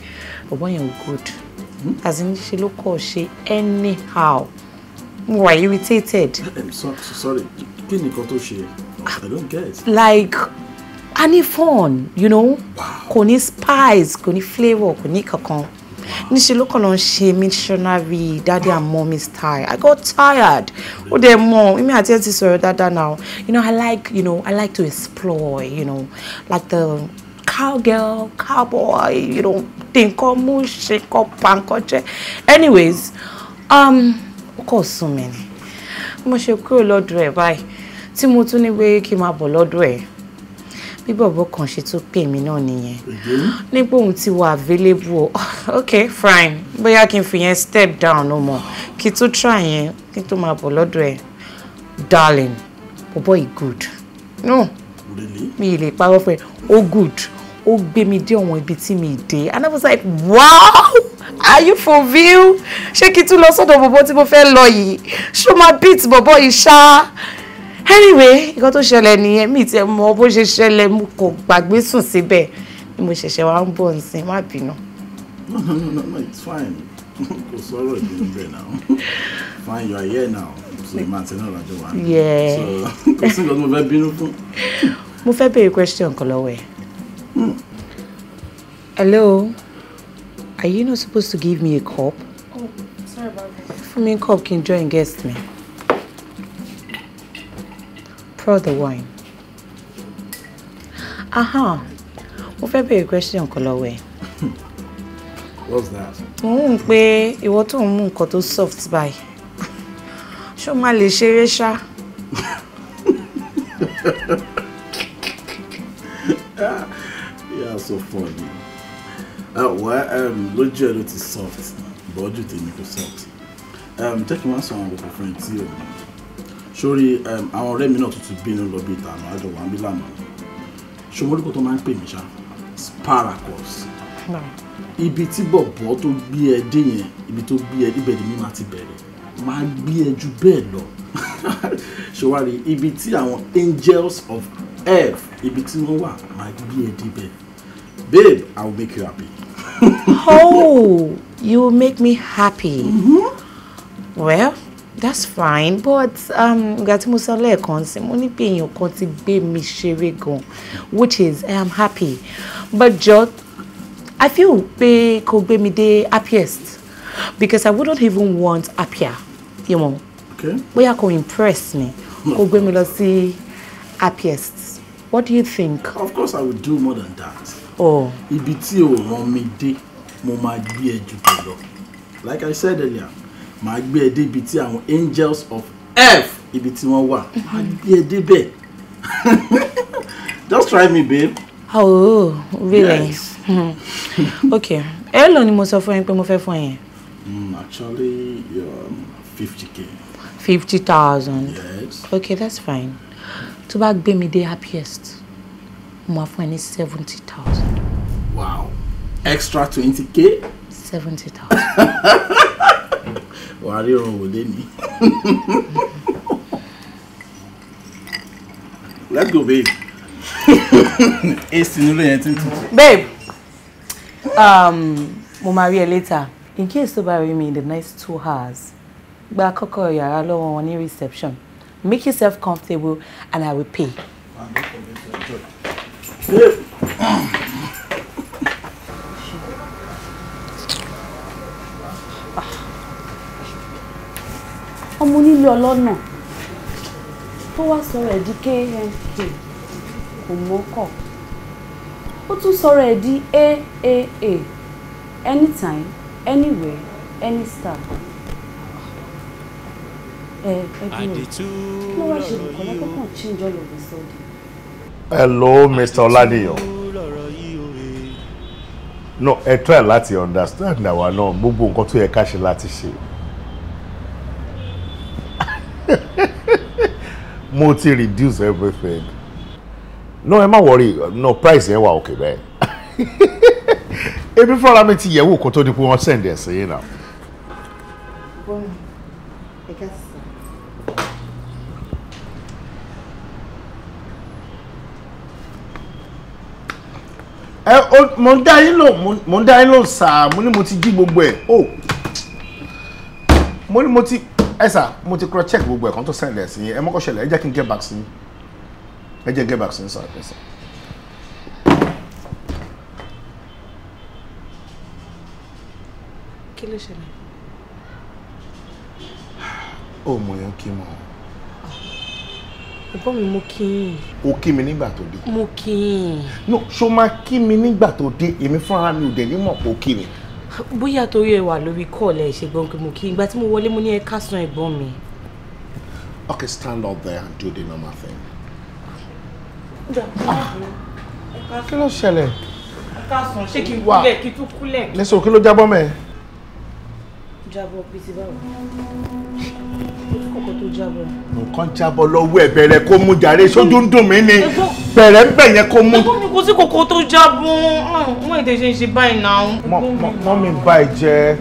[SPEAKER 6] but when you're good. Hmm? As in she look or she anyhow. Mo irritated. I'm
[SPEAKER 5] um, so, so sorry. Kí you
[SPEAKER 6] nǹkan to she? I don't get. Like any fun, you know? Wow. Kò spice, kò ní flavour, kò ní kankan. look ló kàn lọ ń ṣe missionary daddy and mommy tired. i got tired Oh dẹ̀ mọ̀ èmi àti ẹ ti sọ̀rọ̀ dáadáa now you know i like you know i like to explore you know like the cowgirl, cowboy, you know, tinko mu, shiko, panko, che. Anyways, um, ó kọ̀ sún mi ni. Mo ṣe kúrò lọ́dọ̀ ẹ̀ báyìí tí mo tún ní pé kí n máa bọ̀ lọ́dọ̀ ẹ̀. Bí bọ̀bọ̀ kan ṣe tún pè mí náà nìyẹn. Nígbà available Okay, fine. Bóyá kí n fi step down no more. Kito n kito try yẹn kí Darling, bọ̀bọ̀ yìí good. No. Really? Mi ì lè parọ́ good ó gbé mi dé ọ̀wọ̀n ibi tí mi dé and I was like wow are you for real ṣé kí n tún lọ sọ́dọ̀ bọ̀bọ̀ tí mo fẹ́ lọ yìí ṣó máa beat bọ̀bọ̀ yìí ṣá anyway nǹkan tó ṣẹlẹ̀ nìyẹn mi tiẹ̀ mọ bó ṣe ṣẹlẹ̀ mo kò gbàgbé sùn síbẹ̀ ni mo ṣẹ̀ṣẹ̀ wá ń bọ̀ nsìn má bínú. no no no no it's fine
[SPEAKER 5] kò sọ̀rọ̀ ìbínú bẹ́ẹ̀ náà fine you are here now so ìmọ̀ not náà lọ́jọ́ wa. kò sí nǹkan tó mo fẹ́ bínú
[SPEAKER 6] fún. mo fẹ́ béèrè question kan lọ́wọ́ ẹ̀. Hello? Are you not supposed to give me a cup?
[SPEAKER 4] Oh, sorry about that.
[SPEAKER 6] Fún mi cup can join guests, mi. Pour the wine. Aha! What fẹ́ béèrè question kan lọ́wọ́ ẹ̀. What's that? Mo ń pé ìwọ tó ń mú nǹkan by? Show my Ṣé o máa lè ṣeré
[SPEAKER 5] so funny uh, wà um, lójú ẹ ló ti soft bọ́ọ̀dù tèmi kò soft um, jẹ́ kí n wá sọ àwọn òkú friend tí o sórí um, àwọn ọ̀rẹ́ mi náà tuntun bínú lọ bí ìtàn àwọn àjọ wà ń bí lànà ṣòmọ́lùkọ́ tó máa ń pè mí ṣá sparacus ibi tí bọ̀bọ̀ tó gbé ẹ dé yẹn ibi tó gbé ẹ níbẹ̀ ni mi máa ti bẹ̀rẹ̀ máa gbé ẹ ju bẹ́ẹ̀ lọ ṣòwárí ibi tí àwọn angels of earth ibi tí wọ́n wà máa gbé ẹ débẹ̀ babe, I will make you happy.
[SPEAKER 6] oh, you will make me happy. Mm-hmm. Well, that's fine, but um, ìgbà tí mo sọ lẹ́ẹ̀kan sí mo ní pé èèyàn kan ti gbé mi ṣeré gan which is I am happy but jọ I feel pé kò gbé mi dé happiest because I wouldn't even want happier you know bóyá kò impress me hmm. kò gbé mi lọ sí happiest what do you think?
[SPEAKER 5] Of course I would do more than that. Oh. ibi tí ò rán mi dé mo máa gbé ẹ jù bẹ́ẹ̀ lọ like i said earlier màá gbé ẹ débi tí àwọn angels of earth ibi tí wọ́n wà màá gbé ẹ débẹ̀ just try me babe.
[SPEAKER 6] oh really yes. okay How ni you sọ fún yín pé mo fẹ́ fún
[SPEAKER 5] hmm, actually um,
[SPEAKER 6] fifty um, k. fifty thousand. yes. okay that's fine To bá gbé mi dé happiest. My máa is ẹ seventy thousand. wow
[SPEAKER 5] extra twenty k.
[SPEAKER 6] seventy thousand.
[SPEAKER 5] wàá ríran wò lẹ́ni. let's go babe. èsì nílò babe
[SPEAKER 6] um, we'll marry rí later in case tó bá me in the next two hours gba kọ́kọ́ you're alone on ní reception make yourself comfortable and i will pay. Wow, ọmọ
[SPEAKER 7] onílé ọlọ́nà tó wá sọ̀rọ̀ ẹ̀ di KMK kò mọ́kọ̀ ó tún sọ̀rọ̀ ẹ̀ di AAA anytime anywhere any star ẹ
[SPEAKER 1] ẹ dúró kí
[SPEAKER 7] ló wá ṣe nǹkan lọ́kọ̀ọ̀kan chíjọ́ lòdì sọ́dí
[SPEAKER 2] hello mr oladiyan no ẹ try láti understand àwa náà gbogbo nǹkan tó yẹ ká ṣe láti ṣe mo ti reduce everything no ẹ má worry no price yẹn wà òkè bẹ́ẹ̀ ebi fúnra mi ti yẹ̀wò kó tó di pé wọ́n send ẹ̀ sí yín náà. ẹ o mo ń dá yín lò mo ń dá yín lò sáà mo ní mo ti jí gbogbo ẹ o mo ní mo ti ẹ sà mo ti cross check gbogbo ẹ kan tó sẹ́ńdẹ̀ sí yín ẹ mọ́kọ́ ṣẹlẹ̀ ẹ jẹ́ kí n get back sí ẹ jẹ́ get back sí sà ẹ sà. kí ló ṣẹlẹ̀. ó mọ̀ yẹn kí n mọ̀
[SPEAKER 6] ẹ̀gbọ́n mi mo kí yín.
[SPEAKER 2] o kí mi nígbà tó dé.
[SPEAKER 6] mo kí yín.
[SPEAKER 2] no ṣo máa kí mi nígbà tó dé èmi fúnra mi ò dẹ̀ ní mọ̀ pé o kí mi.
[SPEAKER 6] bóyá torí ẹ wà lórí kọ́ọ̀lẹ̀ ìṣègbọ́n pé mo kí ìgbà tí mo wọlé mo ní ẹ káàsán ẹ̀gbọ́n mi.
[SPEAKER 2] okay stand up there and do the normal thing.
[SPEAKER 1] Ah,
[SPEAKER 2] kí ló ṣẹlẹ̀. ẹ
[SPEAKER 1] káàsán ṣé kí n kúlẹ̀
[SPEAKER 4] kí n tún kúlẹ̀.
[SPEAKER 3] lẹ́sọ̀
[SPEAKER 2] kí ló jábọ́ mẹ́.
[SPEAKER 4] jábọ́ bíi báwo tó jábọ̀.
[SPEAKER 2] nǹkan jábọ̀ lọ́wọ́ ẹ̀ bẹ̀rẹ̀ kó mú jàre sójú ń dùn mí ni bẹ̀rẹ̀ ń bẹ̀ yẹn kó mú. ẹ̀gbọ́n
[SPEAKER 3] mi kò sí kòkó tó jábọ̀ wọ́n ah, èdè ṣe ń ṣe báyìí náà.
[SPEAKER 2] mọ́mí ń bá ẹ jẹ́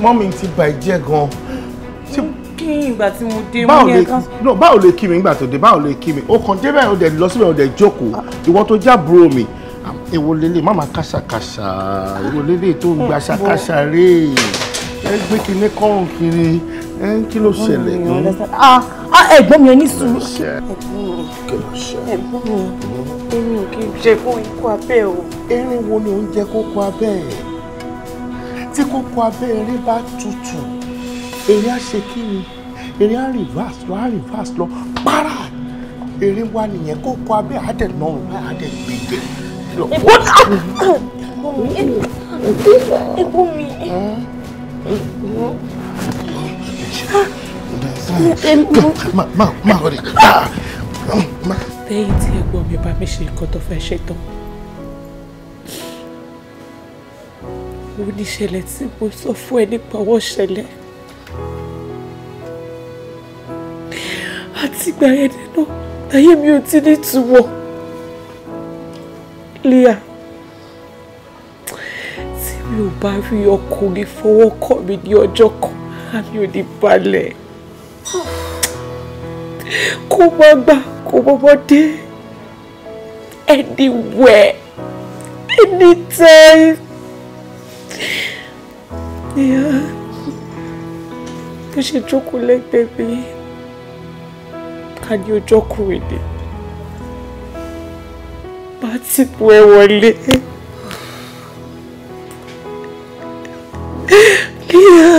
[SPEAKER 3] mọ́mí ti bá ẹ jẹ́ gan-an. kí ìgbà tí mo dé wọ́n yẹ ká.
[SPEAKER 2] báwo lè kí mi ìgbà tó dé báwo lè kí mi o kàn débẹ̀ o dẹ̀ lọ síbẹ̀ o dẹ̀ jókòó ìwọ tó jábúrò mi ah, èwo lélẹ̀ má má kàṣàkàṣà èwo lélẹ̀ tó ń gba ṣàkàṣà rèé ẹ gbé kinní kọ́rùn kiri ẹ kí ló ṣẹlẹ̀ mm, ní. Ah, ah, ẹ̀gbọ́n mi ẹ ní sùúrù. ẹ̀gbọ́n
[SPEAKER 4] mi ẹ̀rín mm-hmm. kì í ṣe kó ikú abẹ́ o. ẹ̀rín
[SPEAKER 2] wo ni oúnjẹ kókó abẹ́ ẹ̀ tí kókó abẹ́ ẹ̀rín bá tutù ẹ̀rín á ṣe kí ni ẹ̀rín á reverse lọ á reverse lọ para ẹ̀rín wa nìyẹn kókó abẹ́ àádẹ́ nọrùn báyìí àádẹ́ gbígbẹ́ lọ. ẹ̀gbọ́n mi ẹ̀gbọ́n mi
[SPEAKER 4] máa máa rẹ̀ lẹ́yìn tí ẹ̀gbọ́n mi bá mi ṣe nǹkan tó fẹ́ ṣe tán mo níṣẹ̀lẹ̀ tí mo sọ fún ẹ nípa ọwọ́ ṣẹlẹ̀ àti ìgbà yẹn náà ayé mi ò ti ní ìtumọ̀ Leah mi ò bá rí ọkùnrin fọwọ́ kàn mí ní ọjọ́ kan àmì ò ní balẹ̀ kó má gbà kó mọ́mọ́ dé anywhere anytime. Yeah. Bó ṣe jókòó lẹ́gbẹ̀ẹ́ mi, ká ní ojú ọkùnrin ni, màá ti bu ẹ wọlé. ìyá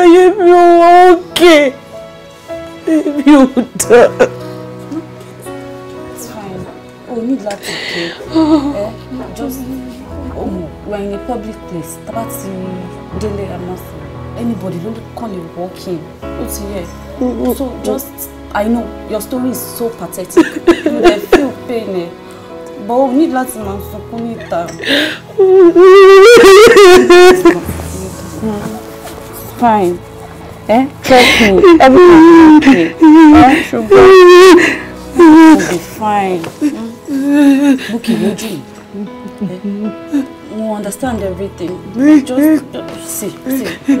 [SPEAKER 3] ayé mi ò wá òkè mi ò
[SPEAKER 7] It's fine. Oh, need ní láti ké eh? just oh we are in a public place tábà ti délé amásán anybody don't call you walking. What's here? so just I know your story is so pathetic you dey feel pain. Eh? bọ́ o ní láti máa
[SPEAKER 3] sunkún níta.
[SPEAKER 7] fine Eh? trust me everything is okay ẹ ṣùgbọ́n you go be fine. bukki méjì we understand everything just see see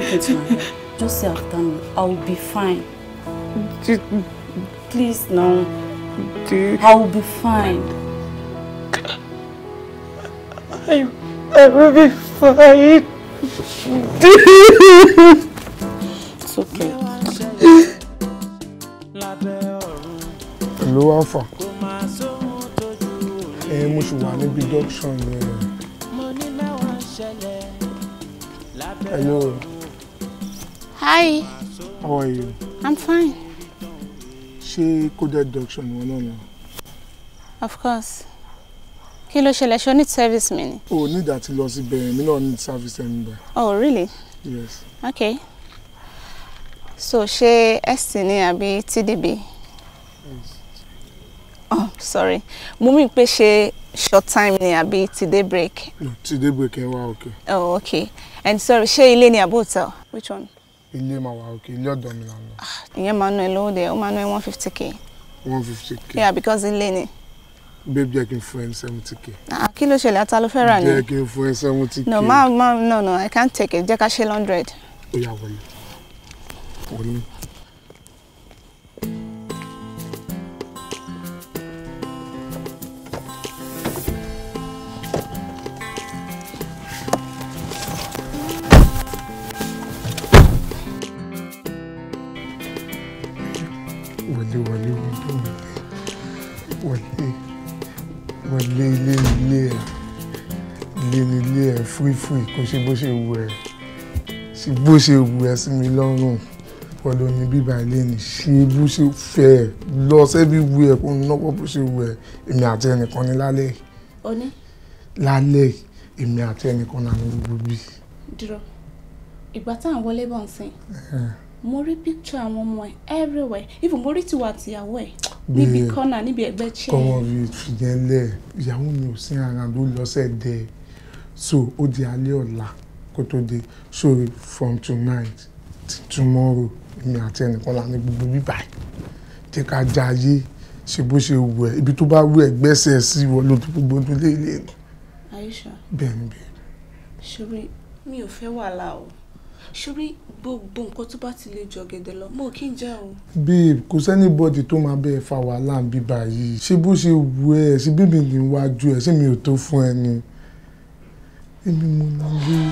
[SPEAKER 7] just say after me i will be fine. please now. I will be fine.
[SPEAKER 4] I, I will be fine. It's okay.
[SPEAKER 8] Hello, Alpha. Ẹ mo ṣì wà níbi dọ́kṣọ̀n yẹn. Hello. Hi. How are you? I'm fine. Ṣé Kodak dọ́kṣọ̀n wọn náà ni?
[SPEAKER 7] Of course kí ló ṣẹlẹ̀ ṣe o need service mi ni.
[SPEAKER 8] o oh, ò ní ìdàtí lọ sí bẹ̀rẹ̀ mi náà need service ẹni bẹ̀rẹ̀. oh really. yes.
[SPEAKER 7] okay so ṣé ST ni àbí TDB. Yes. oh sorry mo mí pé ṣe short time ni àbí ti day break.
[SPEAKER 8] no ti day break ẹ wá okay.
[SPEAKER 7] oh okay and sorry ṣé ilé ni àbí hotel which one.
[SPEAKER 8] ilé máa wà okay ilé ọ̀dọ̀ mi là ń lọ. Ah,
[SPEAKER 7] ìyẹn máa ń ná ẹ lówó de ó máa ń ná ẹ one fifty k.
[SPEAKER 8] one fifty k. yeah
[SPEAKER 7] because ilé ni
[SPEAKER 8] babe jẹ́ kí n fún ẹ ní seventy k.
[SPEAKER 7] Ah, kí ló ṣẹlẹ̀ ata ló fẹ́ rà ni. jẹ́
[SPEAKER 8] kí n fún ẹ seventy k. no ma
[SPEAKER 7] ma no no i can't take it jẹ́ ká ṣe hundred.
[SPEAKER 8] ó yá wọlé wọlé. wọlé wọlé wọlé. wọ ilé ilé ilé ẹ ilé ni ilé ẹ fúri fúri kò ṣe bó ṣe wù ẹ sí bó ṣe wù ẹ sí mi lọ́rùn wọ́n ló ní bíbá ilé ni ṣe bó ṣe fẹ́ ẹ lọ sẹ́bí wù ẹ kó náwó bó ṣe wù ẹ èmi àti ẹnìkan ní lálẹ́ òní lálẹ́ èmi àti ẹnìkan náà ní gbogbo bí.
[SPEAKER 7] dúró ìgbà tá à ń wọlé bọ̀ ń sìn mo rí picture àwọn ọmọ ẹ everywhere even mo rí tiwa àtìyàwó ẹ níbi kọ́nà níbi ẹgbẹ́ chair. kọ́mọ
[SPEAKER 8] mi ìyẹn lẹ̀ ìyàwó mi ò sí ara ló lọ́sẹ̀ dẹ̀ so ó di alẹ́ ọ̀la kó tó dé so from tonight to tomorrow èmi àti ẹnìkan la ní gbogbo bíbá yìí jẹ́ ká jayé ṣe bó ṣe wù ẹ́ ibi tó bá wù ẹ́ gbẹ́sẹ̀ sí wọ́n ló tó gbogbo tó lé ilé ni. Aisha bẹ́ẹ̀ ni bẹ́ẹ̀.
[SPEAKER 7] ṣòro mi ò fẹ́ wàhálà o ṣorí gbogbo nǹkan tó bá ti lè jọ gẹ̀dẹ̀ lọ mo kí n jẹ́ o.
[SPEAKER 8] babe kò sẹ́ni bọ́dì tó máa bẹ́ẹ̀ fa wàhálà ń bí báyìí ṣé bó ṣe wù ẹ́ ṣé bíbí ni wájú ẹ̀ ṣé mi ò tó fún ẹ ni èmi mo ní ilé.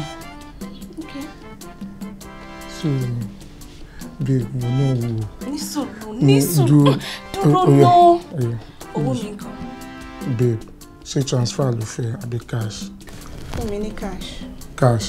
[SPEAKER 8] so babe mo náà wò. ní sùúrù ní sùúrù dúró oh, oh, náà owó mi kan. babe ṣé transfer ló fẹ́ àbí cash.
[SPEAKER 7] fún mi ní cash.
[SPEAKER 8] cash.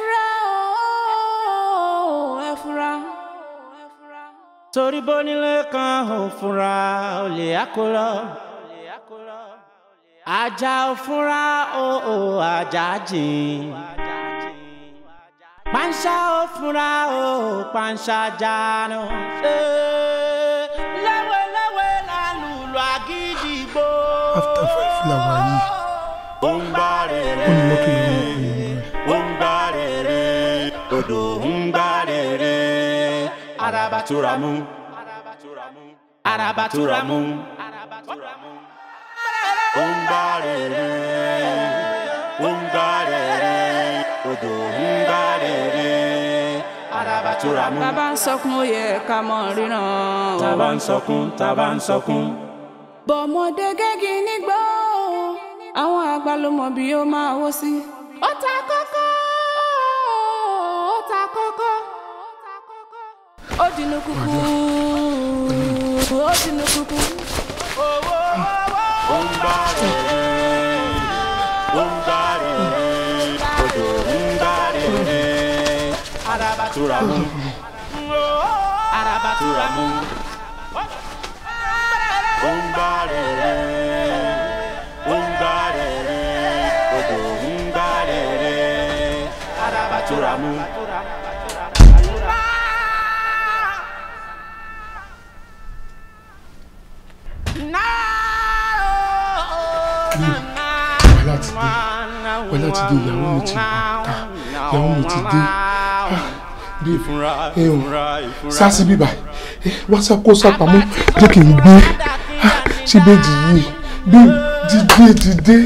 [SPEAKER 1] torí bónílé kan ò fúnra olè ajá ò fúnra o ajá jìn panṣá ò o panṣá jánu. lẹ́wẹ̀lẹ́wẹ̀ lánàá lu àgídìgbò. after five làwọn yìí. ó ń bá rere. ó ń bá rere. odò ń. Arabaturamu. Arabaturamu. Ungarere. Ungarere. Odo Ungarere. Arabaturamu. Taba
[SPEAKER 7] ń sọkún ó yẹ ká mọ̀ ríran. Taba
[SPEAKER 1] ń sọkún, taba ń sọkún.
[SPEAKER 7] Bọ̀mọdé gẹ́gì nígbó, àwọn àgbà ló mọ̀ bí ó máa wó sí. Ó ta kọ́. tinú kúkú ó tinú kúkú. owó
[SPEAKER 1] ó ń bá rẹ̀ ó ń bá rẹ̀ odò ń bá rẹ̀ araba tura mú araba tura mú ó ń bá rẹ̀ ó ń bá rẹ̀ odò ń bá rẹ̀ araba tura mú. ti dé ìyàwó mi ti dé ah, ìyàwó mi ti dé babe
[SPEAKER 8] ah, ehun oh, sásì bíbà eh, wáṣà kó sápamọ́ jẹ́ kí n gbé ah, ṣé bèjì yìí babe dìde dìde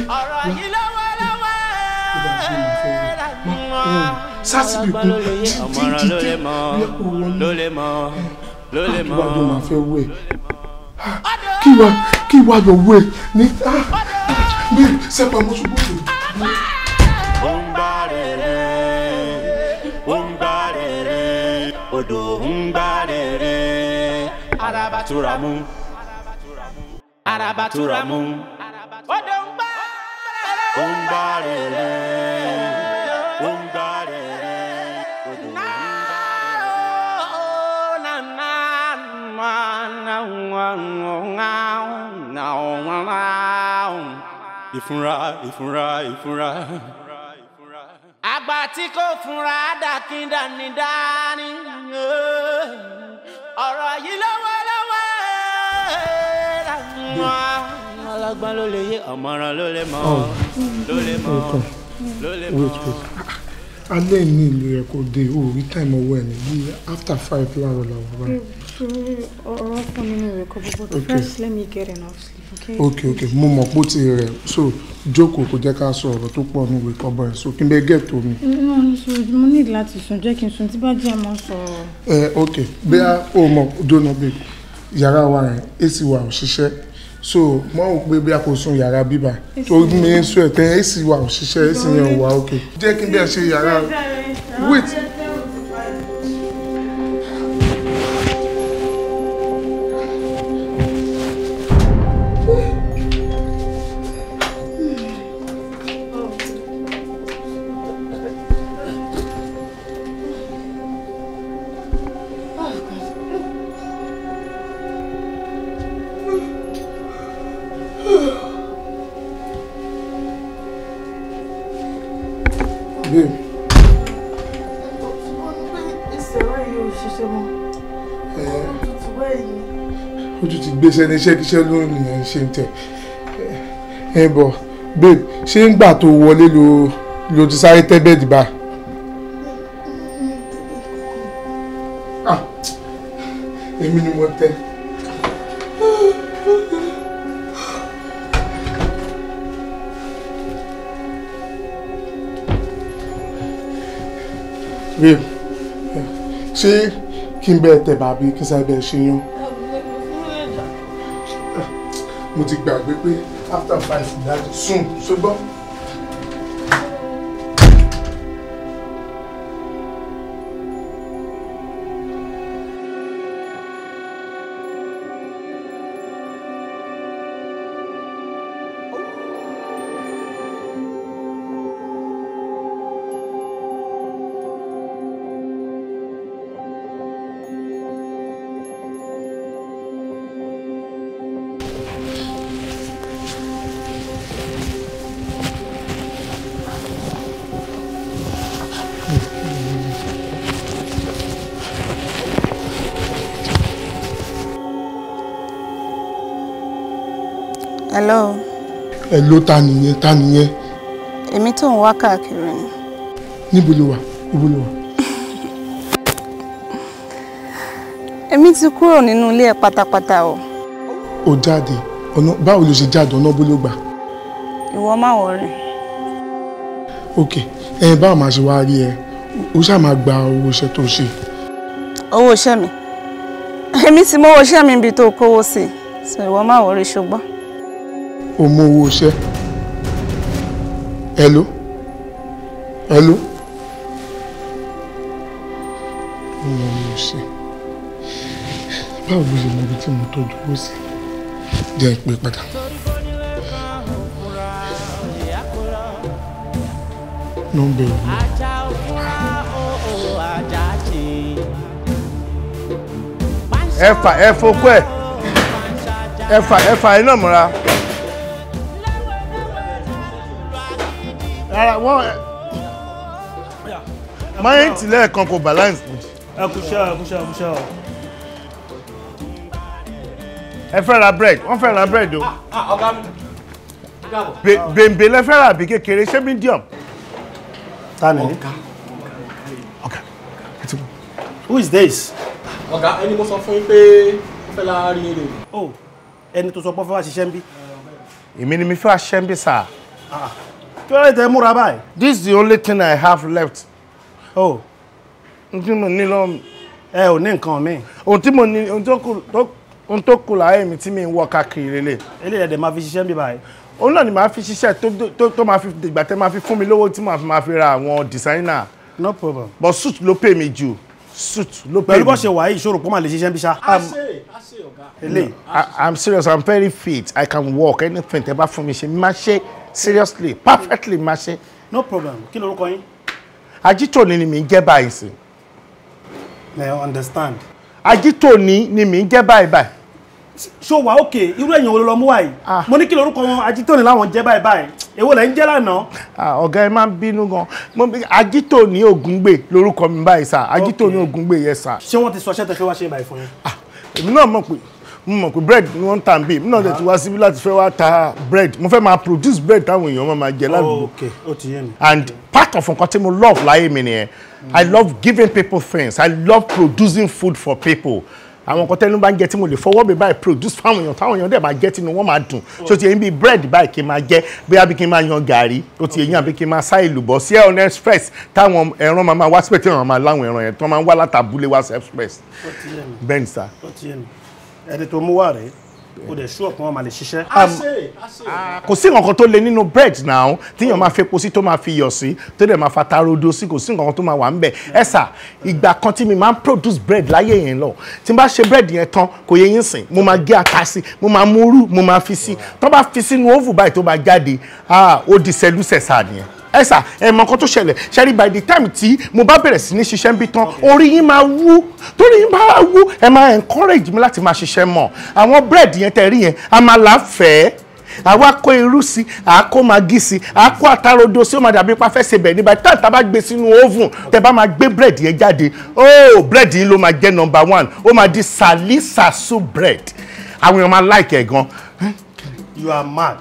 [SPEAKER 1] sásì bìkún dìde dìde lẹ́kọ̀ọ́ wọlé kí wàá ló máa fẹ́ wẹ̀
[SPEAKER 8] kí wàá yọ wẹ̀ ní bíi sẹ́pàmọ́sọ̀gbọ́sọ̀.
[SPEAKER 1] Àràbàtúramú Àràbàtúramú ọdẹ ń gbà rẹ ó ń gbà rẹ rẹ ó ń gbà rẹ rẹ odò ń gbà rẹ. nana mana ŋa ŋa ŋa ìfúnra ìfúnra ìfúnra. àgbà tí kò fúnra dákíndánidání ọ̀rọ̀ yìí ló wọlé ọlọ́gbọ́n ló lè yé ọ̀mọ̀ràn ló lè mọ̀ ló lè mọ̀ ló lè mọ̀.
[SPEAKER 8] alẹ́ ní ìlú rẹ̀ kò dé orí táìmù ọwọ́ ẹ̀ nìyí after five láàárọ̀ làwọn bá. ọ̀rọ̀
[SPEAKER 4] fún mi ní rẹ̀ kọ́ bọ́ first let me get enough sleep okay. Okay. ok
[SPEAKER 8] mo mọ̀ pé ó ti rẹ̀ so jókòó kò jẹ́ ká sọ ọ̀rọ̀ tó pọ̀ ní ìwé kọ́ bọ́ ẹ̀ so kí n bẹ gẹ̀ tó mi.
[SPEAKER 6] Mm, mo ní láti sùn jẹ́ kí n sùn tí bá jẹ́ mo sọ.
[SPEAKER 8] ẹ eh, ok bí a ò mọ̀ jóná bẹ́ẹ̀ yàrá wa yẹn AC wa ò ṣiṣẹ́ so mo rò pé bí a kò sun yàrá bíbà torí mi ń sún ẹ̀ tẹ́ AC wa ò ṣiṣẹ́ AC yẹn ò wá òkè jẹ́ kí n bẹ́ẹ̀ ṣe yàrá wait. ṣe ni ṣékíṣẹ́ ló ń yẹn ṣe ń tẹ̀ ẹ bọ̀ babe ṣé ń gbà tó wọlé lo lo ti sáré tẹ́ bẹ́ẹ̀dì bá. Ah, èmi ni mo tẹ́. babe ṣé kí n bẹ́ẹ̀ tẹ̀ bàbí kí n sáré bẹ́ẹ̀ ṣe yán mo ti gbàgbé pé after five ìdájọ́ sùn ṣùgbọ́n. ẹ ló ta nìyẹn ta nìyẹn.
[SPEAKER 7] èmi tó ń wá káàkiri ni.
[SPEAKER 8] níbo ló wà níbo ló wà.
[SPEAKER 7] èmi ti kúrò nínú ilé ẹ pátápátá o.
[SPEAKER 8] ó jáde ọ̀nà báwo ló ṣe jáde ọ̀nà bó ló gbà.
[SPEAKER 7] ìwọ má wọrin.
[SPEAKER 8] ok ẹ báwo máa ṣe wá rí ẹ o ṣáà máa gba owó iṣẹ́ tó ṣe.
[SPEAKER 7] owó iṣẹ́ mi èmi ti mọ owó iṣẹ́ mi ibi tó kówó sí i ṣèwọ má wọrí ṣùgbọ́n
[SPEAKER 8] ò mú owó iṣẹ́ hello hello ó mú owó iṣẹ́ báwo ló ṣe mọ ibi tí mo tọ́jú owó sí jẹ́ ìpè padà.
[SPEAKER 2] nọ́mbà ìlú. ẹfà ẹfọkọ ẹ ẹfà ẹfà iná mọ́ra. ara wọn mind lẹ́ẹ̀kan kò balance. ẹ kú ṣe ẹ kú ṣe ẹ kú ṣe ọ. ẹ fẹ́ ra bread wọ́n fẹ́ ra bread o. Ah,
[SPEAKER 1] ah, ọ̀gá mi
[SPEAKER 2] bèbè lẹ fẹ́ rà bí kékeré ṣé medium. ta ni. ọ̀gá ẹ ti mú. who is this.
[SPEAKER 5] ọ̀gá ẹni mo sọ fún yín pé ó fẹ́ la rí eré. o oh, ẹni tó sọ
[SPEAKER 2] pé ó fẹ́ wá ṣiṣẹ́ ń bí. èmi ni mi fẹ́ wá ṣiṣẹ́ ń bí sáà. Ah, kí ló lè tẹ this is the only thing i have left. oh n tí mo ní lọ ẹ ò ní nǹkan mi. ohun tí mo ní ohun tó kù láàyè mi tí mi ń wọ káàkiri lélẹ̀. eléyìí ẹ̀dẹ̀ máa fi ṣiṣẹ́ bí báyìí. òun náà ni màá fi ṣiṣẹ́ tó máa fi dìgbà tẹ́ máa fi fún mi lówó tí màá fi máa fi ra àwọn designer. no problem. but suit ló pay me jù suit ló pay. mí. pẹ̀lú bó ṣe wà yìí ìṣòro pọ́n máa lè ṣiṣẹ́ bí ṣá. a ṣe
[SPEAKER 9] a ṣe ọ̀gá.
[SPEAKER 2] i'm serious i'm very fit i can walk anything tẹ́ bá fún mi ṣe mi máa seriously perfectly máa no problem kí ló rúkọ yín. ajitoni ni mi ń jẹ́ báyìí sí. I understand. ajitoni ni mi ń jẹ́ báyìí báyìí. ṣó wà ókè irú ẹ̀yìn wo ló lọ mú wáyìí. Ah. mo ní kí lórúkọ wọn ajitoni láwọn jẹ́ báyìí báyìí èwo lẹ́ ń jẹ́ lánàá. Ah, ọ̀gá ẹ máa ń bínú gan ni ògúngbè lórúkọ mi báyìí sá ajitoni ògúngbè yẹn sá. ṣé wọ́n ti sọ ṣẹ́tẹ̀ fẹ́ wá ṣe báyìí fún yín. Ah, èmi náà mọ̀ pé mo mọ̀ pé bread ni wọ́n ń tà ń bè náà ti wá síbí láti fẹ́ wá ta bread mo fẹ́ máa produce bread táwọn èèyàn máa jẹ ládùúgbò oh, and part of nǹkan tí mo love láyé mi nìyẹn i love giving people things i love producing food for people àwọn nǹkan tẹnu bá ń jẹ tí mo lè fọwọ́ mi báyìí produce fáwọn èèyàn táwọn èèyàn dẹ̀ máa jẹ tínú wọn máa dùn tí o ti yẹn bí bread báyìí kí n máa jẹ bí abí máa yan gàrí o ti yẹn àbí kí n máa sá èlùbọ́ on express táwọn ẹran máa wá sípẹ̀ tí wọ́n máa láwọn ẹran yẹn tí wọ́n máa ń wá látàbúlé wá express bẹ́ẹ̀ ni sá ẹni tó mú wá rèé o dẹ̀ ṣú ọ̀pọ̀ wọn máa lè ṣiṣẹ́. Ah, kò sí nǹkan tó le nínú bread now tíyàn oh. máa fepo sí tó máa fi yọ̀ sí tó dẹ̀ máa fa tarodo sí kò sí nǹkan tó máa wà ń bẹ̀ ẹ sà ìgbà kan tí mi máa ń produce bread láyé yẹn lọ tí n bá ṣe bread yẹn tán kò yẹ yín sìn mo máa gé ata sí mo máa mú rú mo máa fi sí tó bá fi sínú oven báyìí tó bá jáde ah, ó di sẹ́lúsẹ̀ sáà nìyẹn ẹ sà ẹ tó ṣẹlẹ̀ ṣẹ́rí by the time tí mo bá bẹ̀rẹ̀ sí ní ṣiṣẹ́ ń bí tán orí yín máa wú torí yín máa wú ẹ máa encourage mi láti máa ṣiṣẹ́ mọ̀ àwọn bread yẹn tẹ̀ rí yẹn a máa láfẹ̀ẹ́ àwa kó irú sí àákó magi sí àákó àtàròdo sí ó máa pa fẹ́ ṣe nígbà tí àtàbá gbé sínú oven tẹ bá máa gbé bread yẹn jáde oh bread yìí ló máa jẹ́ number one ó máa di salisasu bread àwọn èèyàn máa like ẹ̀ gan. you are mad.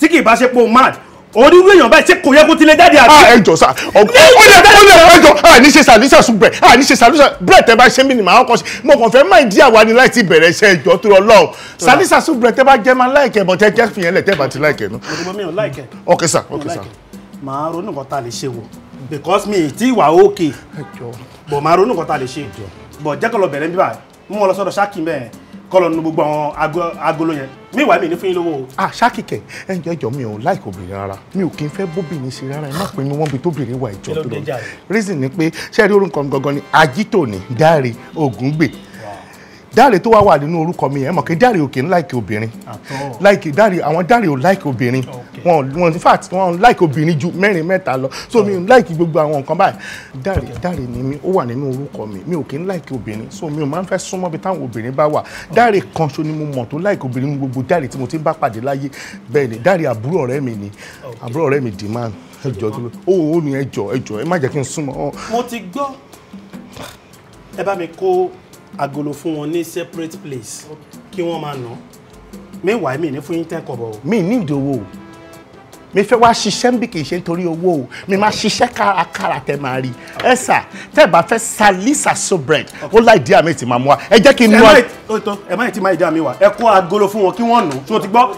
[SPEAKER 2] tí kì í bá ṣe pé o mad onírú èèyàn báyìí ṣé kò yẹ kó tilẹ̀ jáde àbí. a ah, ẹjọ sá ọgbọ ó lè ẹjọ a ah, ní ṣe sàlùsà sùn bẹ̀rẹ̀ a ah, ní ṣe sàlùsà bẹ̀rẹ̀ tẹ́ bá ṣe mí ni màá kọ sí mo kàn fẹ́ máa di àwa ni láì ti bẹ̀rẹ̀ ṣe ẹjọ tó lọ lọ sàlùsà sùn bẹ̀rẹ̀ tẹ́ bá jẹ máa láìkẹ bọ tẹ́ jẹ fìyẹn lẹ tẹ́ bá ti láìkẹ nu. ok sir ok sir. màá ronú nǹkan tá a lè ṣe wò because mi ti wà ókè bọ̀ màá ronú nǹkan tá a lè ṣe bọ̀ jẹ́ kọ́ lọ bẹ̀rẹ̀ bíbá mú wọn kọ́ lọ gbogbo àwọn agolo yẹn mi ìwà mi ní fún yín lówó o. ah ṣákìkẹ ẹjọ ẹjọ mi ò láìkò obìnrin rárá mi ò kí n fẹ́ bóbìnrin ṣe rárá ẹ má pè wọn bí tóbìnrin wà ìjọ tó lọ reason ni pé ṣẹ́ẹ̀rí orúkọ mi gangan ni ajito ni dáre ògúngbè dáre tó wá wà nínú orúkọ mi yẹn mọ̀ kí dáre òkè ń láìkì obìnrin láìkì dáre àwọn dáre ò láìkì obìnrin wọn wọn in fact wọn láìkì obìnrin ju mẹ́rin mẹ́ta lọ so mi láìkì gbogbo àwọn nǹkan báyìí dáre dáre ni mi ó wà nínú orúkọ mi mi ò kí ń láìkì obìnrin so mi ò máa ń fẹ́ súnmọ́ bí táwọn obìnrin bá wà dáre kan ṣo ni mo mọ̀ tó láìkì obìnrin gbogbo dáre tí mo ti ń bá pàdé láyé bẹ́ẹ̀ ni dáre àbúrò ọ̀rẹ́ demand ẹjọ́ tó lọ ó ò ní ẹjọ́ ẹjọ́ ẹ
[SPEAKER 5] má agolo fún wọn ní separate place kí wọ́n máa nà
[SPEAKER 2] meanwhile mi ní fún yín ten kọ́bọ̀ o. mi ní ìdòwò o mi fẹ́ wá ṣiṣẹ́ ń bí kì í ṣe nítorí owó o mi máa ṣiṣẹ́ kárakára tẹ máa rí ẹ sà tẹ́ ẹ bá fẹ́ salisa so bread ó láì dí àmì tí máa mú wa ẹ jẹ́ kí n wá. ẹ má ti máa ìdí àmì wa ẹ kó agolo fún wọn kí wọ́n nù tó ti gbọ́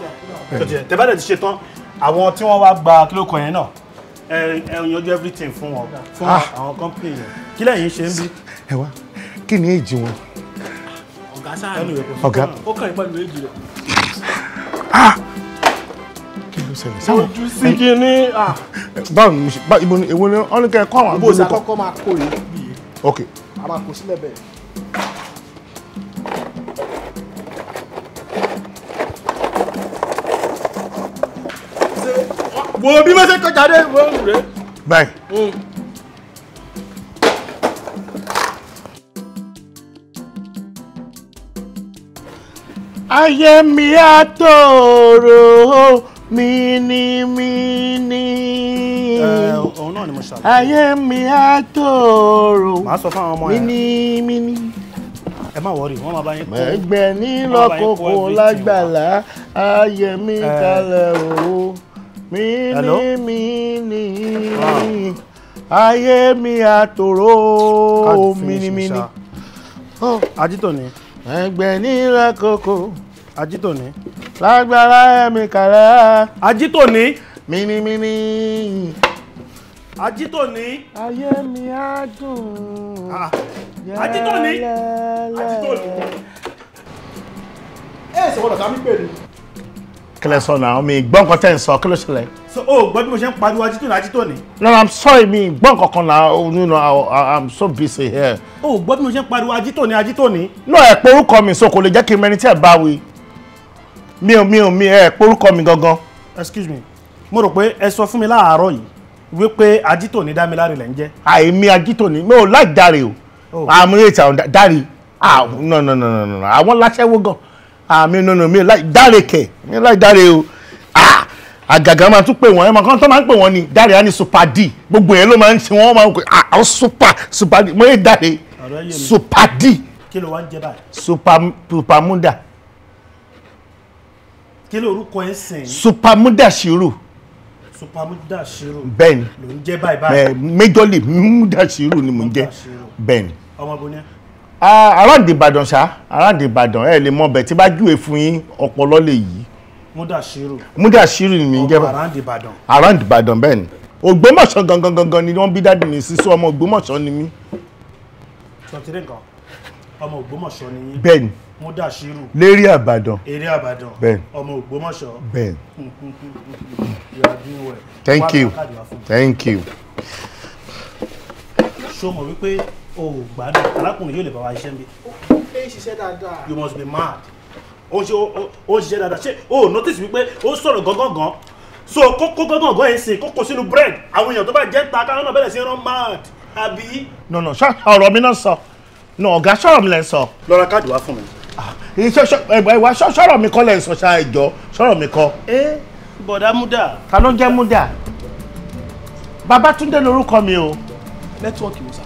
[SPEAKER 2] tẹ bá dẹ̀ ti ṣe tán àwọn tí wọ́n wá gba kílókan yẹn náà ẹ yanjú everything fún wọn fún ah. àwọn company yẹn kí lẹ́yìn ṣe ń bí. ẹ wá kí ni èjì wọn ọ̀gá sáà ni ọ̀gá ó kàn pẹ̀lú èjì rẹ̀. kí ló ṣẹlẹ̀ sáwọn. Ah! báwo ni ibo ni èwo ni wọ́n ní kẹ́ ẹ kọ́ àwọn àgbélé kan. ibo ìsàkọ́kọ́ máa kó rèé bì í. ok. a máa kó sílẹ̀ bẹ́ẹ̀. wo bí wọ́n ṣe kọjá dé wọ́n rèé. báyìí. Mm. ayé mi àtòrò mínímíní. òun náà ni mo ṣàlàyé. ayé mi àtòrò mínímíní. ẹ má wọrí wọn máa bá yín kó. ẹgbẹ́ nílọ́kòkò lágbàlá ayé mi kalẹ̀ o mínímíní ayé mi àtòrò mínímíní. ajítọ̀ ni ẹgbẹ́ nílẹ̀ koko. ajitoni. lágbára ẹ̀mí kàrẹ́. ajitoni. mínímíní. ajitoni. ayé mi á dùn. ajitoni. ajitoni. ẹ ẹ sọ wọn lọ ká mi pè ní kílẹ̀ náà mi gbọ́ tẹ́ ń sọ kí ló ṣẹlẹ̀. so o gbọ́ bí mo ṣe ń pariwo ajitó ní ajitó ni. no i'm sorry mi gbọ́ nǹkan náà you know I, i'm so busy here. o gbọ́ bí mo ṣe ń pariwo ajitó ní ajitó ni. no ẹ pé mi so kò lè jẹ́ kí n mẹni tí ẹ bá wí mi ò mi ò mi ẹ pé mi gangan. excuse me mo rò pé ẹ sọ fún mi láàárọ̀ yìí wípé ajitó ní dámiláre lẹ́ ń jẹ́. àìmí ajitó ni mi ò láì dáre o àmúrètà dáre ah no no no no no àwọn láṣẹ́wó gan-an àmì ah, nínú mi láì dáre kẹ̀ mi láì dáre o ah, àgàgà máa tún pè wọ́n ẹ máa kán tó máa ń pè wọ́n ni dáre á ní super d gbogbo yẹn ló máa ń ṣe wọ́n máa ń pè ah, àwọn super super d mo yẹ dáre super d kí ló wá super super muda kí ló orúkọ ẹ sìn super muda shiru super muda shiru bẹ́ẹ̀ni ló ń jẹ báyìí báyìí majorly muda shiru ni mo ń jẹ bẹ́ẹ̀ni Ah, around Ìbàdàn ṣá around Ìbàdàn ẹ lè mọ bẹ̀ tí bá júwe fún yín ọpọlọ lè yí. Mudashiru Mudashiru ni mi ń jẹ́ bá around Ìbàdàn around Ìbàdàn bẹ́ẹ̀ ni Ògbómọ̀ṣọ́ gangan gangan ni wọ́n bí dáàdì mi sísú ọmọ Ògbómọ̀ṣọ́ ni mí. sọtiri nǹkan ọmọ Ògbómọ̀ṣọ́ ni yín. bẹ́ẹ̀ni Mudashiru lérí Àbàdàn èrè Àbàdàn bẹ́ẹ̀ni ọmọ Ògbómọ̀ṣọ́ bẹ́ẹ̀ni. you are doing well. thank you thank you. ṣé o mọ̀ wípé o ò gbádùn arákùnrin yóò lè wa ṣiṣẹ́ níbí. ó ń ṣiṣẹ́ you must be mad ó ń ṣe ó ń ṣiṣẹ́ dáadáa ṣé o ò notice wípé ó sọ̀rọ̀ gangan so kókó gangan gan ẹ̀ sìn kókó sínú bread àwọn èèyàn tó bá jẹ́ ta káwọn náà bẹ̀rẹ̀ sí rán mad àbí. no no ṣá ọ̀rọ̀ mi náà sọ no ọ̀gá ṣọ̀rọ̀ mi lẹ sọ. lọ ra káàdì wá fún mi. ìwà ah, ṣọ̀rọ̀ mi kọ́ lẹ sọ ṣá ìjọ ṣọ̀rọ̀ mi kọ́. ẹ bọ̀dá múdà. ta ló jẹ́ múdà? Babátúndé lorúkọ mi o. nẹ́tíwọ́ọ̀kì musa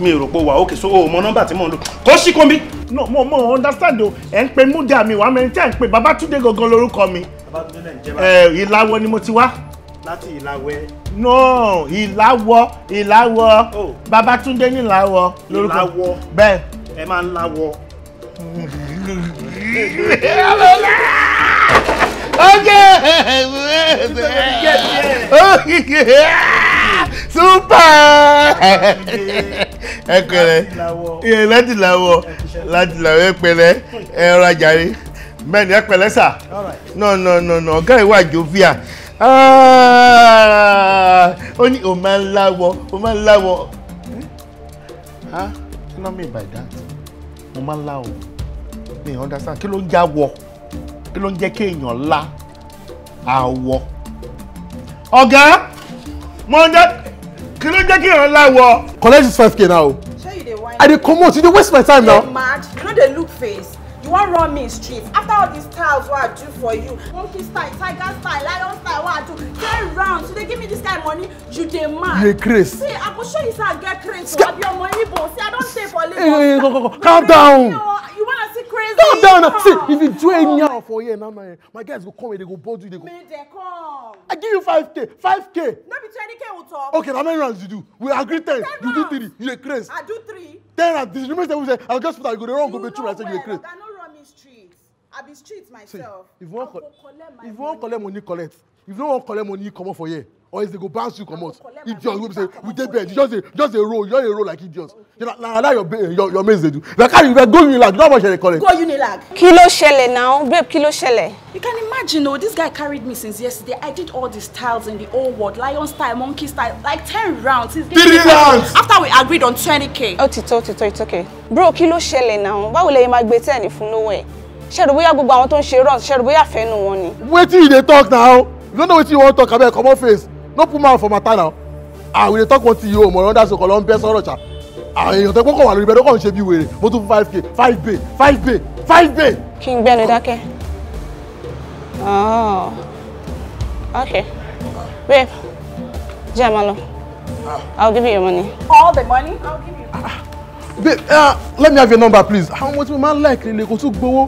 [SPEAKER 2] mi ò rò pé wà ókè so o mọ nọ́mbà tí mò ń lò kó sí kó no mo mo understand o ẹ ń pe múdà mi wà mẹ́rin tí ẹ ń pe Babátúndé gangan lórúkọ mi. Babátúndé náà ń jẹ́ ẹ Ìlawọ ni mo ti wá. láti Ìlawẹ. no Ìlawọ Ìlawọ Babátúndé ní Ìlawọ lórúkọ. Ìlawọ bẹ́ẹ̀.
[SPEAKER 1] ẹ máa ń lawọ
[SPEAKER 2] okay super ẹ pẹ̀lẹ́ iye láti làwọ láti làwọ ẹ pẹ̀lẹ́ ẹ rajà rí bẹ́ẹ̀ni sà no no no no ọ̀gá ìwà jovia ó ní o máa ń láwọ o máa ń láwọ ah kí ló by that mo máa ń láwọ understand kí ló ń já wọ kí ló ń jẹ́ kéèyàn ńlá àwọ̀ ọ̀gá mo ń jẹ́ kí ló ń jẹ́ kéèyàn ńlá àwọ̀. collect this five k now. sure you dey whine. i dey comot you dey waste my time now. you
[SPEAKER 3] you no dey look face you wan run me street after all these styles what i do for you monkey style tiger style lion style what i do Turn round, so they give me this kind of money you dey mad. you see i go show you say i get craze o your money igbo see i don't stay for little. ee go go go calm down. you wanna see crazy. calm down na see if you do anyhow oh. for here
[SPEAKER 2] now now my guys go come here they go bold you they go. may
[SPEAKER 3] they come.
[SPEAKER 2] i give you five k five k. no be
[SPEAKER 3] twenty k we talk. okay how many rounds
[SPEAKER 2] you do we agree ten you do three you dey craze. i do three. ten rounds the remaining seven say i just put that you go dey run go be two I say you dey craze
[SPEAKER 3] i be street myself See, if you wan collect if you wan collect
[SPEAKER 2] money collect if you no wan collect money comot for here or else they go bounce you comot idiot wey be say we dey bed just dey just dey roll just dey roll like idiot na na that your your your mate dey do na carry you go unilag you how much i dey collect. go unilag. kí ló now babe Kilo ló
[SPEAKER 7] you can imagine o oh, this guy carried me since yesterday i did all the styles in the whole world lion style monkey style like ten rounds. three rounds. after we agreed on twenty k. ó ti it's okay. bro kilo ló now báwo lè máa gbé tẹ́ẹ̀nì fún lówó ẹ̀ ṣẹ̀rù bóyá gbogbo àwọn tó ń ṣe rush ṣẹ̀rù fẹ́nu wọn ni.
[SPEAKER 8] wetin you dey talk now you no know wetin you wan talk abeg comot face no put mouth for
[SPEAKER 2] matter now ah we dey talk one thing o mọ̀rọ̀ ọ̀dà sọ̀kọ̀ lọ́n bẹ́ sọ̀rọ̀ ṣá àwọn ah, èèyàn tó kọ́kọ́ wà lórí bẹ́ẹ̀ lọ́kọ̀ ń ṣe bí wèrè mo tún five k five bay five bay five bay.
[SPEAKER 7] kí n gbẹnu dákẹ́ oh. okay babe jẹ́ àmọ́ lọ
[SPEAKER 2] ah. I'll give you your money.
[SPEAKER 7] all the money I'll give you.
[SPEAKER 2] babe uh, let me have your number please àwọn ọmọ tí mo máa ń láìkiri lè kó tún gbowó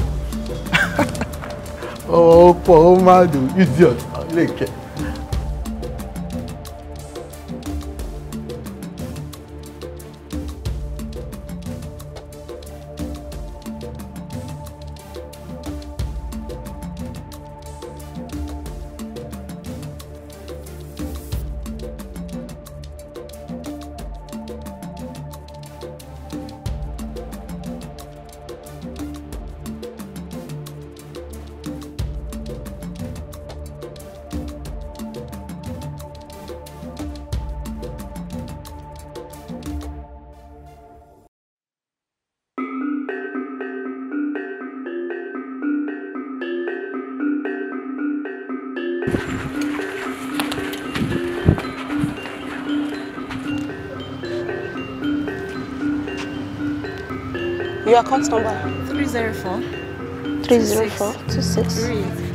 [SPEAKER 8] ọwọ́ pọ̀ ó you dùn idiot lè kẹ́.
[SPEAKER 7] What number? 304.
[SPEAKER 1] 26